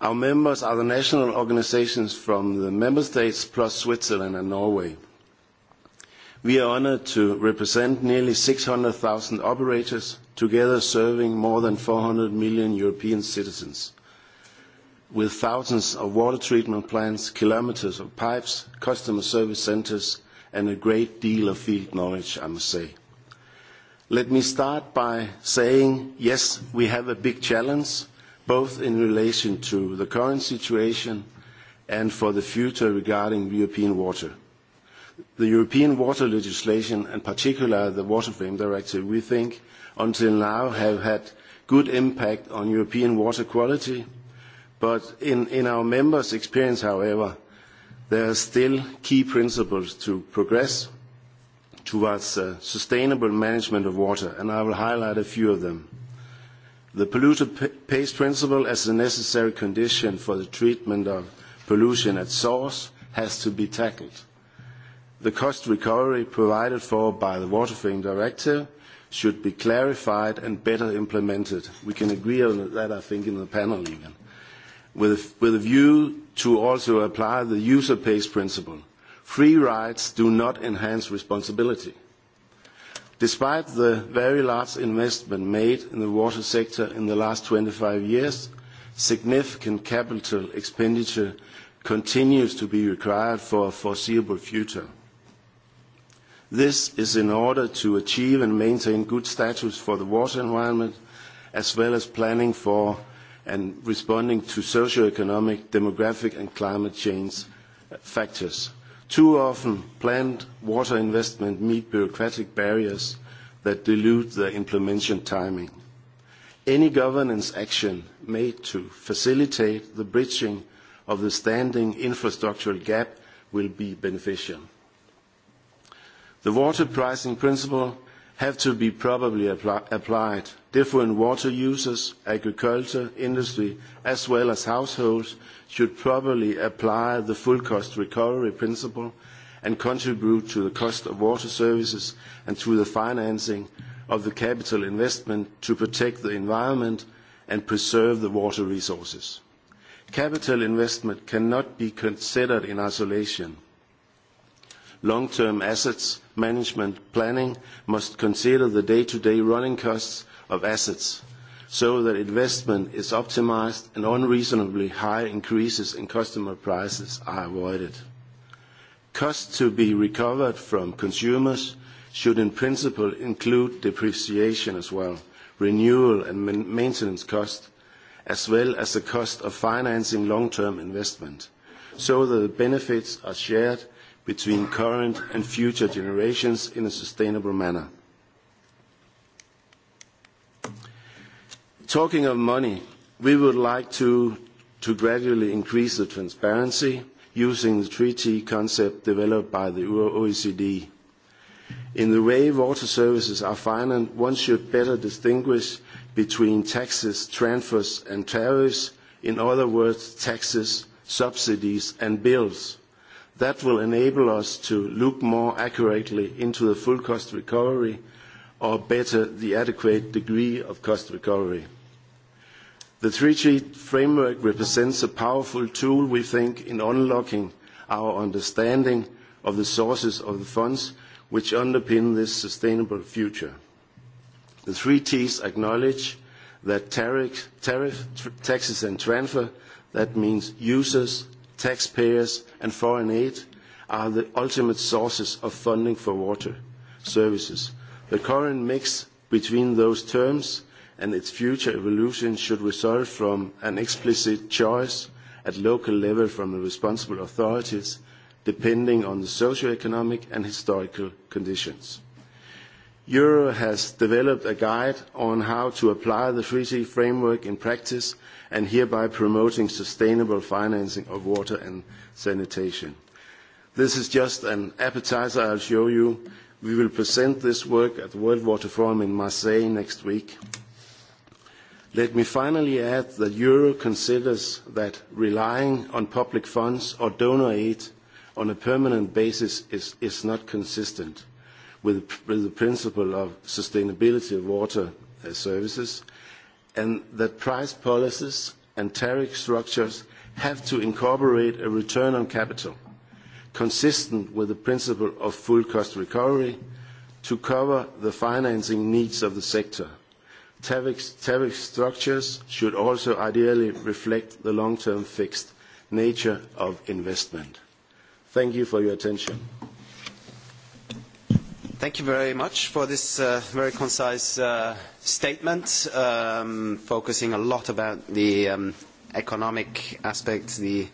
Our members are the national organisations from the member states plus Switzerland and Norway. We are honoured to represent nearly six zero operators, together serving more than four hundred million European citizens. With thousands of water treatment plants, kilometres of pipes, customer service centres, and a great deal of field knowledge, I must say. Let me start by saying, yes, we have a big challenge, both in relation to the current situation and for the future regarding European water. The European water legislation, and particular the Water Frame Directive, we think until now have had good impact on European water quality. But in, in our members' experience, however, there are still key principles to progress towards uh, sustainable management of water, and I will highlight a few of them. The polluter pays principle as a necessary condition for the treatment of pollution at source has to be tackled. The cost recovery provided for by the Water Frame Directive should be clarified and better implemented. We can agree on that, I think, in the panel even, with, with a view to also apply the user pays principle Free rides do not enhance responsibility. Despite the very large investment made in the water sector in the last twenty five years, significant capital expenditure continues to be required for a foreseeable future. This is in order to achieve and maintain good status for the water environment, as well as planning for and responding to socio-economic, demographic, and climate change factors. Too often, planned water investment meet bureaucratic barriers that dilute the implementation timing. Any governance action made to facilitate the bridging of the standing infrastructural gap will be beneficial. The water pricing principle have to be properly apply, applied. Different water users, agriculture, industry, as well as households should probably apply the full cost recovery principle and contribute to the cost of water services and to the financing of the capital investment to protect the environment and preserve the water resources. Capital investment cannot be considered in isolation long-term assets management planning must consider the day-to-day -day running costs of assets so that investment is optimised and unreasonably high increases in customer prices are avoided. Costs to be recovered from consumers should in principle include depreciation as well, renewal and maintenance costs, as well as the cost of financing long-term investment, so that the benefits are shared between current and future generations in a sustainable manner. Talking of money, we would like to, to gradually increase the transparency using the treaty concept developed by the OECD. In the way water services are financed, one should better distinguish between taxes, transfers and tariffs, in other words, taxes, subsidies and bills. That will enable us to look more accurately into the full cost recovery or better, the adequate degree of cost recovery. The three g framework represents a powerful tool, we think, in unlocking our understanding of the sources of the funds which underpin this sustainable future. The three Ts acknowledge that tariff taxes and transfer, that means users, taxpayers and foreign aid are the ultimate sources of funding for water services. The current mix between those terms and its future evolution should result from an explicit choice at local level from the responsible authorities depending on the socio-economic and historical conditions. Euro has developed a guide on how to apply the treaty framework in practice and hereby promoting sustainable financing of water and sanitation. This is just an appetizer I'll show you. We will present this work at the World Water Forum in Marseille next week. Let me finally add that Euro considers that relying on public funds or donor aid on a permanent basis is, is not consistent with, with the principle of sustainability of water uh, services, and that price policies and tariff structures have to incorporate a return on capital consistent with the principle of full cost recovery to cover the financing needs of the sector. Tariff, tariff structures should also ideally reflect the long-term fixed nature of investment. Thank you for your attention. Thank you very much for this uh, very concise uh, statement, um, focusing a lot about the um, economic aspects, the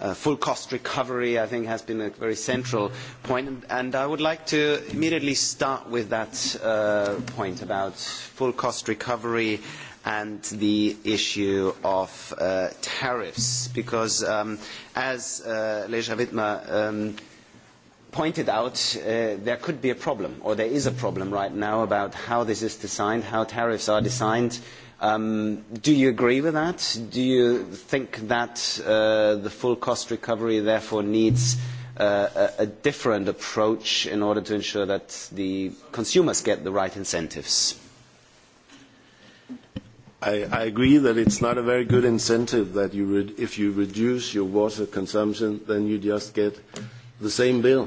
uh, full cost recovery, I think, has been a very central point. And, I would like to immediately start with that uh, point about full cost recovery and the issue of uh, tariffs, because um, as uh, Leja Wittmer um, pointed out uh, there could be a problem, or there is a problem right now about how this is designed, how tariffs are designed. Um, do you agree with that? Do you think that uh, the full cost recovery therefore needs uh, a, a different approach in order to ensure that the consumers get the right incentives? I, I agree that it's not a very good incentive that you re if you reduce your water consumption, then you just get the same bill.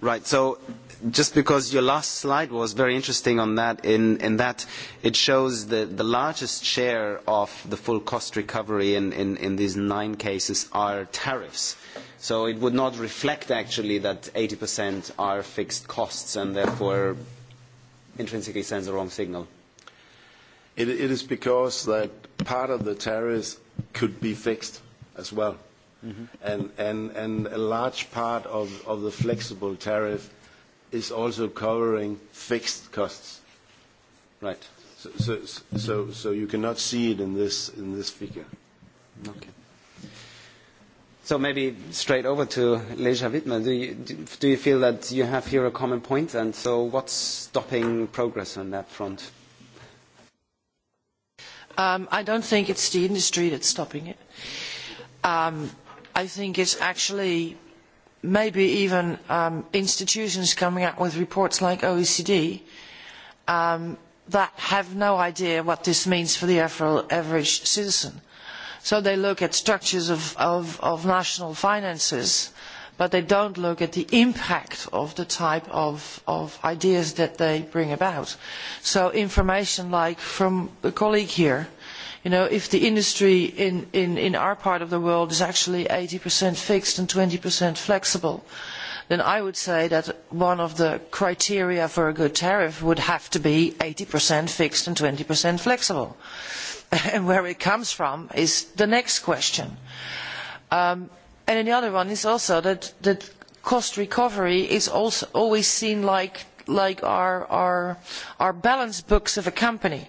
Right. So just because your last slide was very interesting on that, in, in that it shows the, the largest share of the full cost recovery in, in, in these nine cases are tariffs. So it would not reflect actually that 80% are fixed costs and therefore intrinsically sends the wrong signal. It, it is because that part of the tariffs could be fixed as well. Mm-hmm. And, a large part of, the flexible tariff is also covering fixed costs. Right. So, you cannot see it in this, figure. Okay. So maybe straight over to Leja Wittmer. Do you, feel that you have here a common point, and so what's stopping progress on that front? Um, I don't think it's the industry that's stopping it. Um, i think it's actually maybe even um, institutions coming up with reports like OECD um, that have no idea what this means for the average citizen. So they look at structures of, of, of national finances, but they don't look at the impact of the type of, of ideas that they bring about. So information like from the colleague here, if the industry in, in, our part of the world is actually 80% fixed and 20% flexible, then I would say that one of the criteria for a good tariff would have to be 80% fixed and 20% flexible. (laughs) and where it comes from is the next question. Um, and the other one is also that, that cost recovery is also always seen like, like our, our, our balance books of a company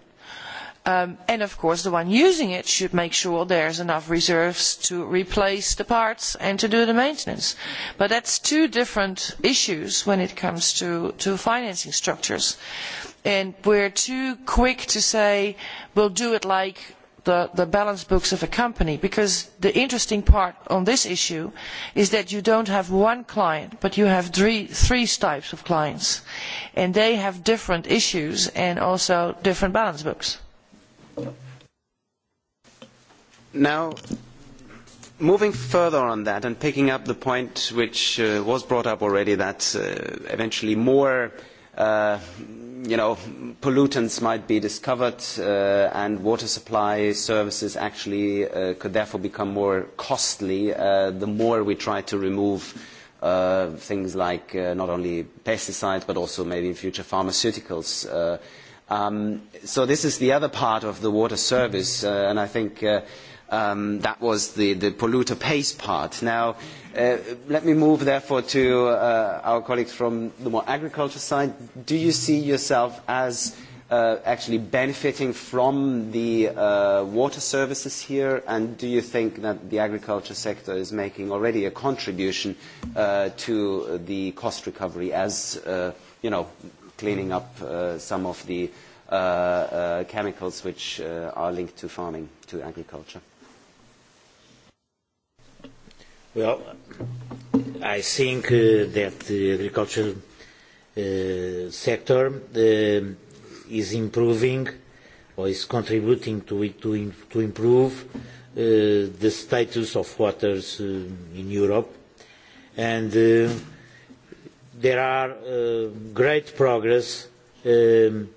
Um, and of course the one using it should make sure there are enough reserves to replace the parts and to do the maintenance but that is two different issues when it comes to, financing structures and we are too quick to say we will do it like the, balance books of a company because the interesting part on this issue is that you do not have one client but you have three types of clients and they have different issues and also different balance books. Now, moving further on that and picking up the point which uh, was brought up already that uh, eventually more uh, you know, pollutants might be discovered uh, and water supply services actually uh, could therefore become more costly uh, the more we try to remove things like not only pesticides but also maybe in future pharmaceuticals. Uh, Um, so this is the other part of the water service, uh, and I think uh, um, that was the, the polluter pays part. Now, uh, let me move therefore to uh, our colleagues from the more agriculture side. Do you see yourself as uh, actually benefiting from the uh, water services here, and do you think that the agriculture sector is making already a contribution uh, to the cost recovery as, uh, you know, cleaning up uh, some of the uh, uh, chemicals which uh, are linked to farming, to agriculture? Well, I think uh, that the agriculture uh, sector uh, is improving or is contributing to it to, in, to improve uh, the status of waters uh, in Europe. And uh, there are uh, great progress um,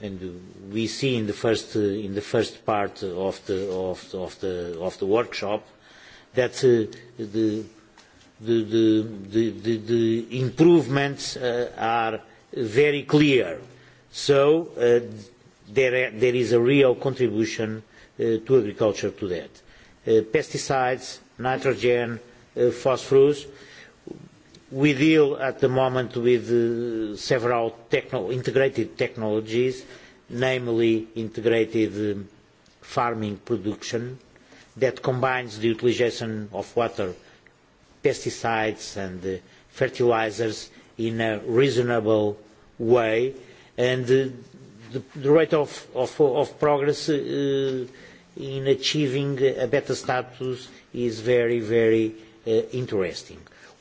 and we see in the first uh, in the first part of the of the, of the, of the workshop that uh, the, the the the the improvements uh, are very clear so uh, there there is a real contribution uh, to agriculture to that uh, pesticides nitrogen uh, phosphorus uh, we deal at the moment with uh, several techno integrated technologies, namely integrated um, farming production that combines the utilisation of water, pesticides and uh, fertilisers in a reasonable way. And uh, the, the rate of, of, of progress uh, in achieving a better status is very, very uh, interesting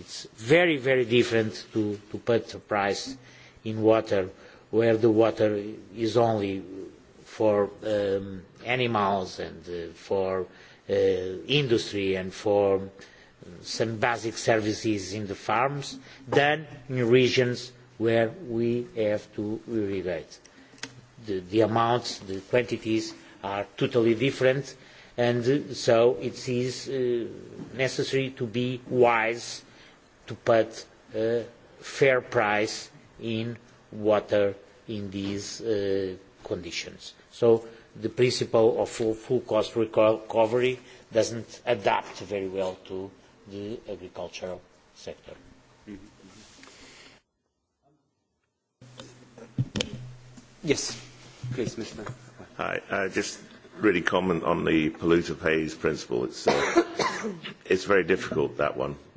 it is very very different to, to put a price in water where the water is only for um, animals and uh, for uh, industry and for um, some basic services in the farms than in regions where we have to irrigate. The, the amounts, the quantities are totally different and so it is uh, necessary to be wise to put a fair price in water in these uh, conditions. So the principle of full, full cost recovery doesn't adapt very well to the agricultural sector. Yes, please, Mr. Hi, uh, just really comment on the polluter pays principle. It's, uh, (coughs) it's very difficult, that one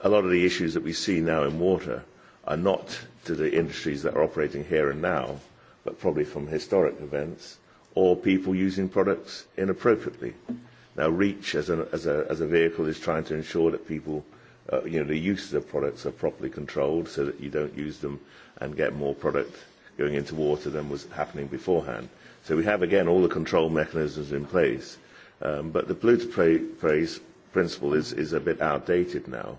a lot of the issues that we see now in water are not to the industries that are operating here and now, but probably from historic events or people using products inappropriately. Now, REACH as a, as a, as a vehicle is trying to ensure that people, uh, you know, the uses of products are properly controlled so that you don't use them and get more product going into water than was happening beforehand. So we have, again, all the control mechanisms in place. Um, but the polluter praise principle is, is a bit outdated now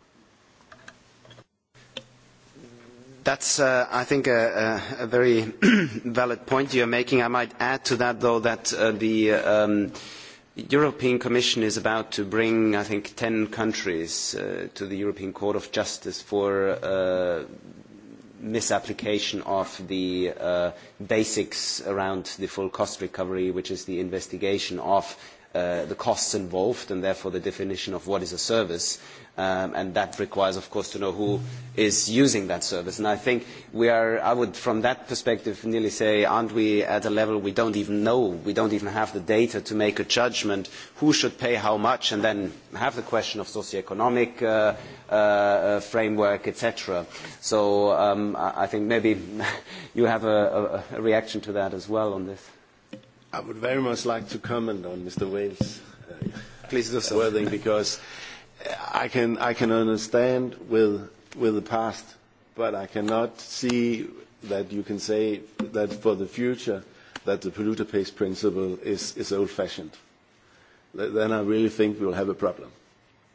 That's, uh, I think, a, a very (clears throat) valid point you are making. I might add to that, though, that uh, the um, European Commission is about to bring, I think, ten countries uh, to the European Court of Justice for uh, misapplication of the uh, basics around the full cost recovery, which is the investigation of uh, the costs involved and therefore the definition of what is a service Um, and that requires, of course, to know who is using that service. And I think we are, I would, from that perspective, nearly say, aren't we at a level we don't even know, we don't even have the data to make a judgment who should pay how much, and then have the question of socio-economic uh, uh, uh framework, etc. So um, I think maybe (laughs) you have a, a, a reaction to that as well on this. I would very much like to comment on Mr. Wales' uh, please do so. wording because i can I can understand with with the past, but I cannot see that you can say that for the future that the polluter pays principle is, is old-fashioned. Then I really think we will have a problem.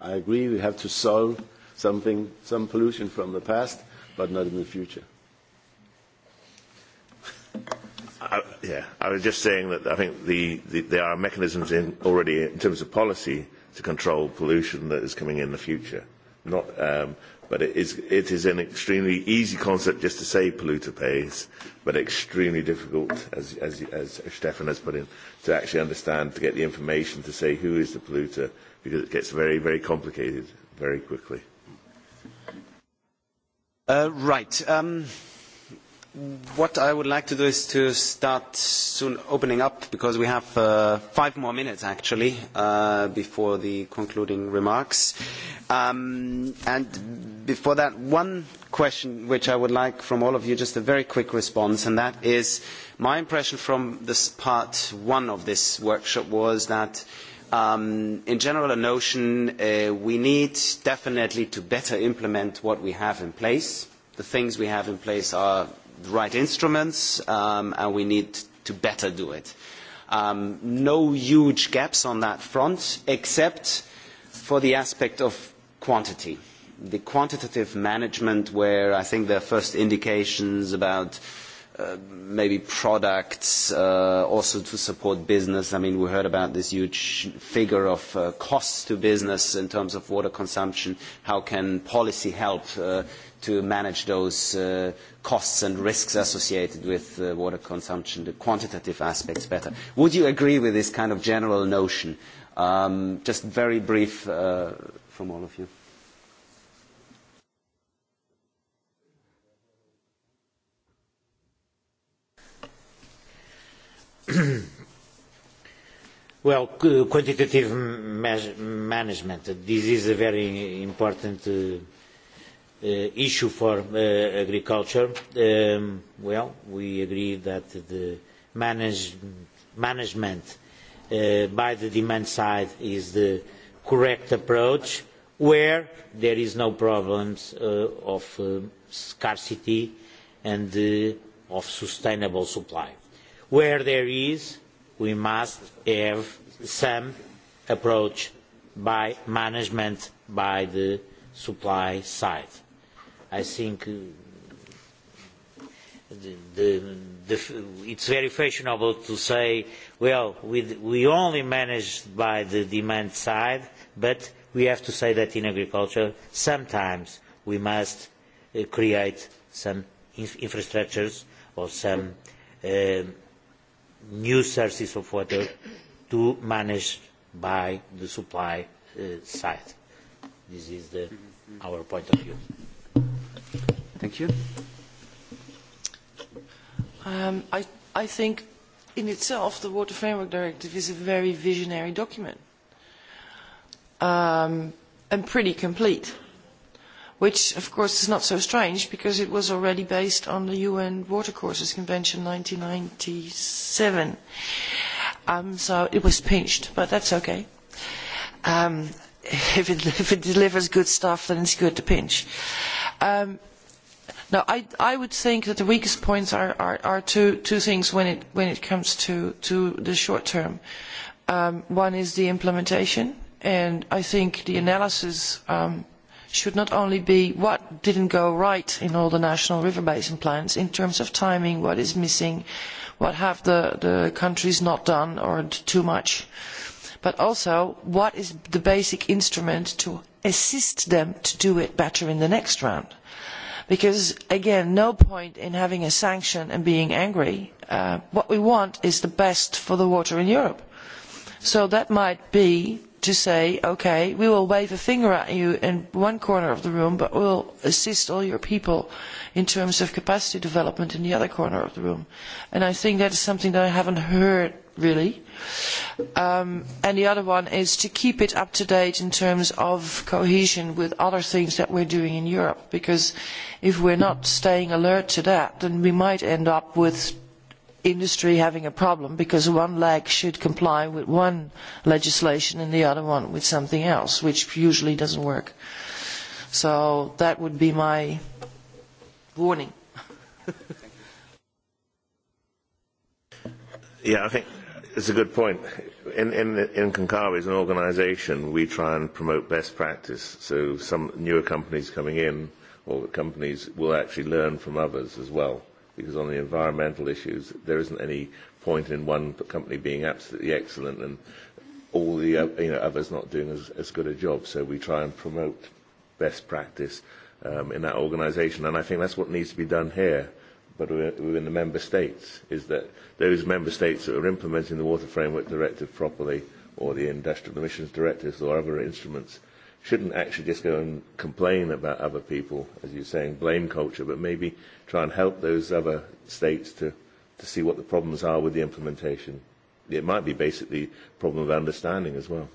I agree we have to solve something, some pollution from the past, but not in the future. I, yeah, I was just saying that I think the, the, there are mechanisms in already in terms of policy to control pollution that is coming in the future. Not, um, but it is, it is an extremely easy concept just to say polluter pays, but extremely difficult, as, as, as Stefan has put in, to actually understand, to get the information to say who is the polluter, because it gets very, very complicated very quickly. Uh, right. Um what I would like to do is to start soon opening up because we have uh, five more minutes actually uh, before the concluding remarks. Um, and before that, one question which I would like from all of you, just a very quick response, and that is my impression from this part one of this workshop was that um, in general a notion uh, we need definitely to better implement what we have in place. The things we have in place are the right instruments, um, and we need to better do it. Um, no huge gaps on that front, except for the aspect of quantity. The quantitative management, where I think there are first indications about uh, maybe products uh, also to support business. I mean, we heard about this huge figure of uh, costs to business in terms of water consumption. How can policy help uh, to manage those uh, costs and risks associated with uh, water consumption, the quantitative aspects better. Would you agree with this kind of general notion? Um, just very brief uh, from all of you. (clears throat) well, quantitative management, this is a very important uh, issue for uh, agriculture, um, well, we agree that the manage, management uh, by the demand side is the correct approach where there is no problems uh, of uh, scarcity and uh, of sustainable supply. Where there is, we must have some approach by management by the supply side i think the, the, the, it's very fashionable to say, well, we, we only manage by the demand side, but we have to say that in agriculture, sometimes we must uh, create some inf infrastructures or some uh, new sources of water to manage by the supply uh, side. This is the, our point of view. Thank you. Um, I, I think in itself the Water Framework Directive is a very visionary document um, and pretty complete, which of course is not so strange because it was already based on the UN Water Courses Convention 1997. Um, so it was pinched, but that's okay. Um, (laughs) if, it, if it delivers good stuff, then it's good to pinch. Um, no, I, I would think that the weakest points are, are, are two, two things when it, when it comes to, to the short term. Um, one is the implementation, and I think the analysis um, should not only be what didn't go right in all the national river basin plans in terms of timing, what is missing, what have the, the countries not done or too much, but also what is the basic instrument to assist them to do it better in the next round. Because again, no point in having a sanction and being angry. Uh, what we want is the best for the water in Europe. So that might be to say, okay, we will wave a finger at you in one corner of the room, but we'll assist all your people in terms of capacity development in the other corner of the room. And I think that is something that I haven't heard really. Um, and the other one is to keep it up to date in terms of cohesion with other things that we're doing in Europe, because if we're not staying alert to that, then we might end up with industry having a problem because one leg should comply with one legislation and the other one with something else, which usually doesn't work. So that would be my warning. yeah, I think it's a good point. In, in, in Concavi as an organisation, we try and promote best practice. So some newer companies coming in or companies will actually learn from others as well because on the environmental issues, there isn't any point in one company being absolutely excellent and all the uh, you know, others not doing as, as good a job. So we try and promote best practice um, in that organisation, and I think that's what needs to be done here. But within the member states, is that those member states that are implementing the Water Framework Directive properly, or the Industrial Emissions Directives, or other instruments, shouldn't actually just go and complain about other people, as you're saying, blame culture, but maybe try and help those other states to, to see what the problems are with the implementation. It might be basically a problem of understanding as well.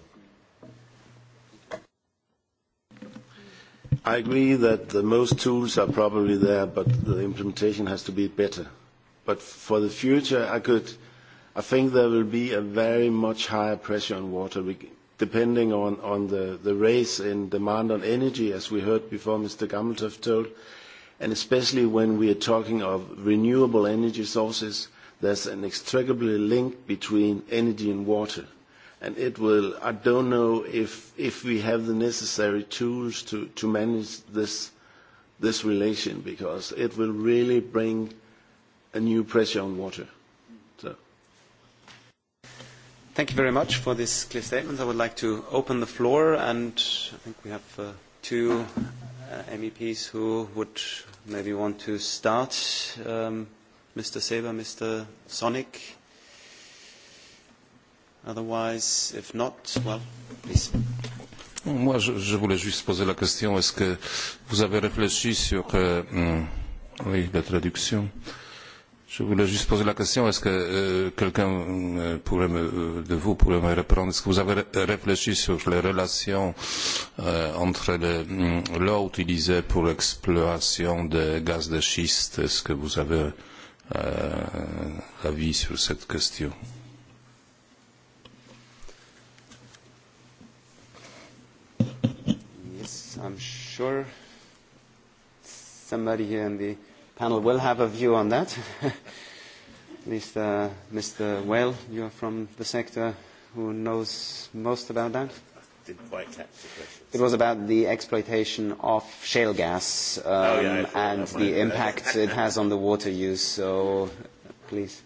I agree that the most tools are probably there, but the implementation has to be better. But for the future, I could, I think there will be a very much higher pressure on water depending on, on the, the in demand on energy, as we heard before Mr. Gammeltoft told, and especially when we are talking of renewable energy sources, there's an inextricably link between energy and water. And it will, I don't know if, if we have the necessary tools to, to manage this, this relation, because it will really bring a new pressure on water. Thank you very much for these clear statements. I would like to open the floor, and I think we have uh, two uh, MEPs who would maybe want to start. Um, Mr. Saber, Mr. Sonic. Otherwise, if not, well, please. Moi, je, je voulais juste poser la question. Est-ce que vous avez réfléchi sur... Euh, hmm, oui, la traduction. Euh, je voulais juste poser la question, est-ce que euh, quelqu'un euh, euh, de vous pourrait me répondre Est-ce que vous avez réfléchi sur les relations euh, entre mm, l'eau utilisée pour l'exploration des gaz de schiste Est-ce que vous avez euh, avis sur cette question Yes, I'm sure somebody here in the panel will have a view on that. At least uh, Mr. Whale, you are from the sector who knows most about that. Didn't quite catch the question. It was about the exploitation of shale gas um, oh, yeah, um, and the impact it has on the water use. So, please.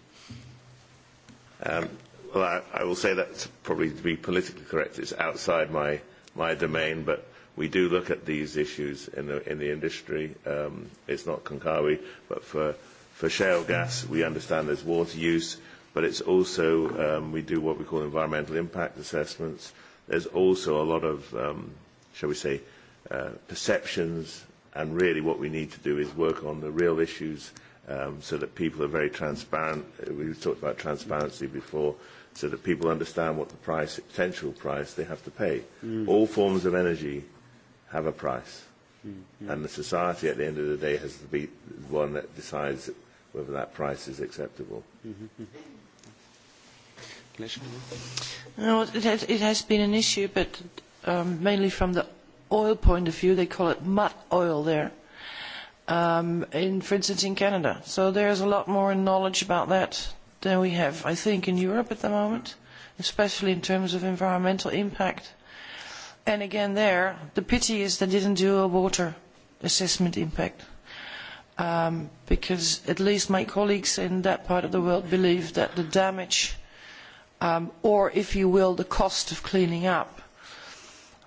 Um, well, I, I will say that's probably to be politically correct. It's outside my, my domain, but we do look at these issues in the, in the industry. Um, it's not Konkawi, but for, for shale gas, we understand there's water use, but it's also, um, we do what we call environmental impact assessments. There's also a lot of, um, shall we say, uh, perceptions, and really what we need to do is work on the real issues um, so that people are very transparent. Uh, we talked about transparency before so that people understand what the price, potential price they have to pay. Mm. All forms of energy have a price. Mm-hmm. And the society at the end of the day has to be the one that decides whether that price is acceptable. Mm-hmm. No, it has, it has been an issue, but um, mainly from the oil point of view, they call it mud oil there. Um, in, for instance, in Canada. So there's a lot more knowledge about that than we have, I think, in Europe at the moment, especially in terms of environmental impact And again there, the pity is they didn't do a water assessment impact. Um, because at least my colleagues in that part of the world believe that the damage, um, or if you will, the cost of cleaning up,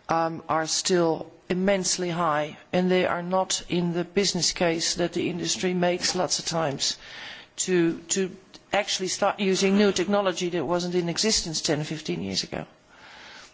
um, are still immensely high, and they are not in the business case that the industry makes lots of times to, to actually start using new technology that wasn't in existence 10 or 15 years ago.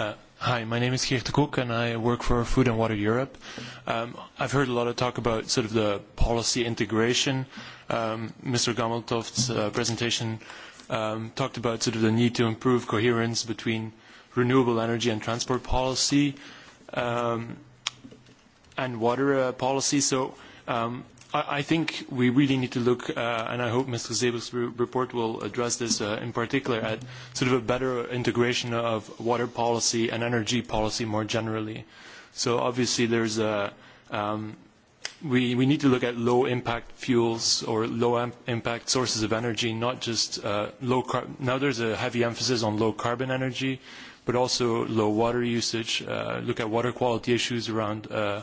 Uh, hi, my name is Geert Koek and I work for Food and Water Europe. Um, I've heard a lot of talk about sort of the policy integration. Um, Mr. Gameltoft's uh, presentation um, talked about sort of the need to improve coherence between renewable energy and transport policy um, and water uh, policy. So um, i, I think we really need to look, uh, and I hope Mr. Zeber's re report will address this uh, in particular, at sort of a better integration of water policy and energy policy more generally. So obviously there's a, um, we, we need to look at low impact fuels or low impact sources of energy, not just uh, low carbon. Now there's a heavy emphasis on low carbon energy, but also low water usage, uh, look at water quality issues around uh,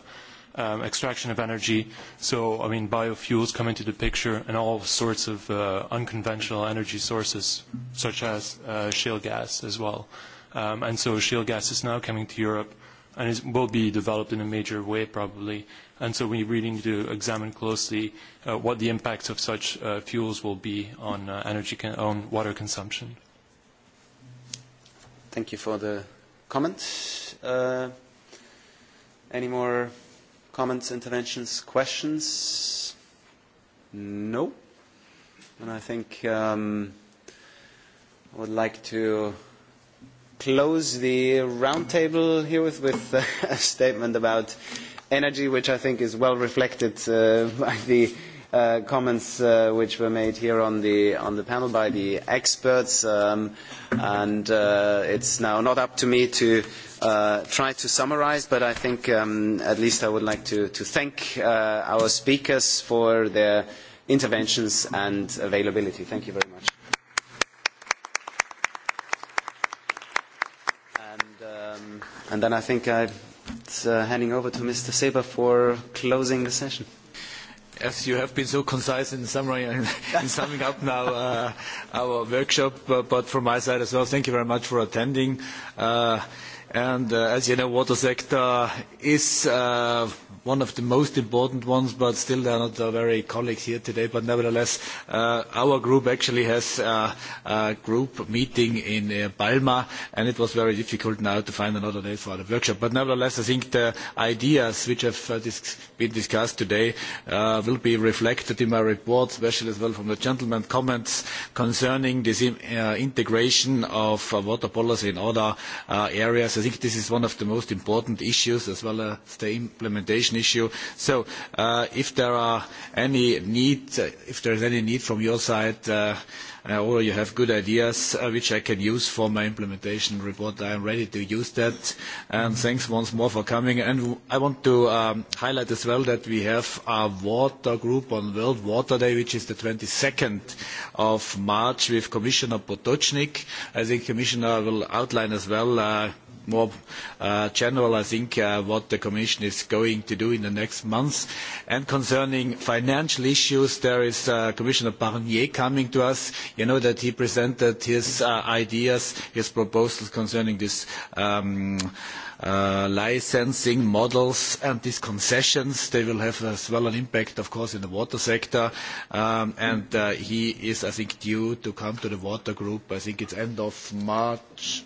um, extraction of energy. So, I mean, biofuels come into the picture and all sorts of uh, unconventional energy sources, such as uh, shale gas as well. Um, and so shale gas is now coming to Europe and it will be developed in a major way probably. And so we really need to examine closely uh, what the impacts of such uh, fuels will be on, uh, energy con on water consumption. Thank you for the comment. Uh, any more Comments, interventions, questions? No. And I think um, I would like to close the roundtable here with, with (laughs) a statement about energy, which I think is well reflected uh, by the uh, comments uh, which were made here on the, on the panel by the experts. Um, and uh, it's now not up to me to uh, try to summarize, but I think um, at least I would like to, to thank uh, our speakers for their interventions and availability. Thank you very much. And um, then I think I'm uh, handing over to Mr. Seber for closing the session. As you have been so concise in summary (laughs) in summing up now uh, our workshop, uh, but from my side as well, thank you very much for attending. Uh, And uh, as you know, water sector is uh, one of the most important ones, but still there are not uh, very colleagues here today. But nevertheless, uh, our group actually has uh, a group meeting in uh, Palma, and it was very difficult now to find another day for the workshop. But nevertheless, I think the ideas which have uh, dis been discussed today uh, will be reflected in my report, especially as well from the gentleman's comments concerning this uh, integration of uh, water policy in other uh, areas i think this is one of the most important issues as well as the implementation issue. So uh, if there are any need, uh, if there is any need from your side, uh, uh, or you have good ideas uh, which I can use for my implementation report, I am ready to use that. And mm-hmm. thanks once more for coming. And I want to um, highlight as well that we have a water group on World Water Day, which is the 22nd of March with Commissioner Potočnik. I think Commissioner will outline as well uh, more uh, general, I think, uh, what the Commission is going to do in the next months. And concerning financial issues, there is uh, Commissioner Barnier coming to us. You know that he presented his uh, ideas, his proposals concerning this um, Uh, licensing models and these concessions. They will have as well an impact, of course, in the water sector. Um, and uh, he is, I think, due to come to the water group. I think it's end of March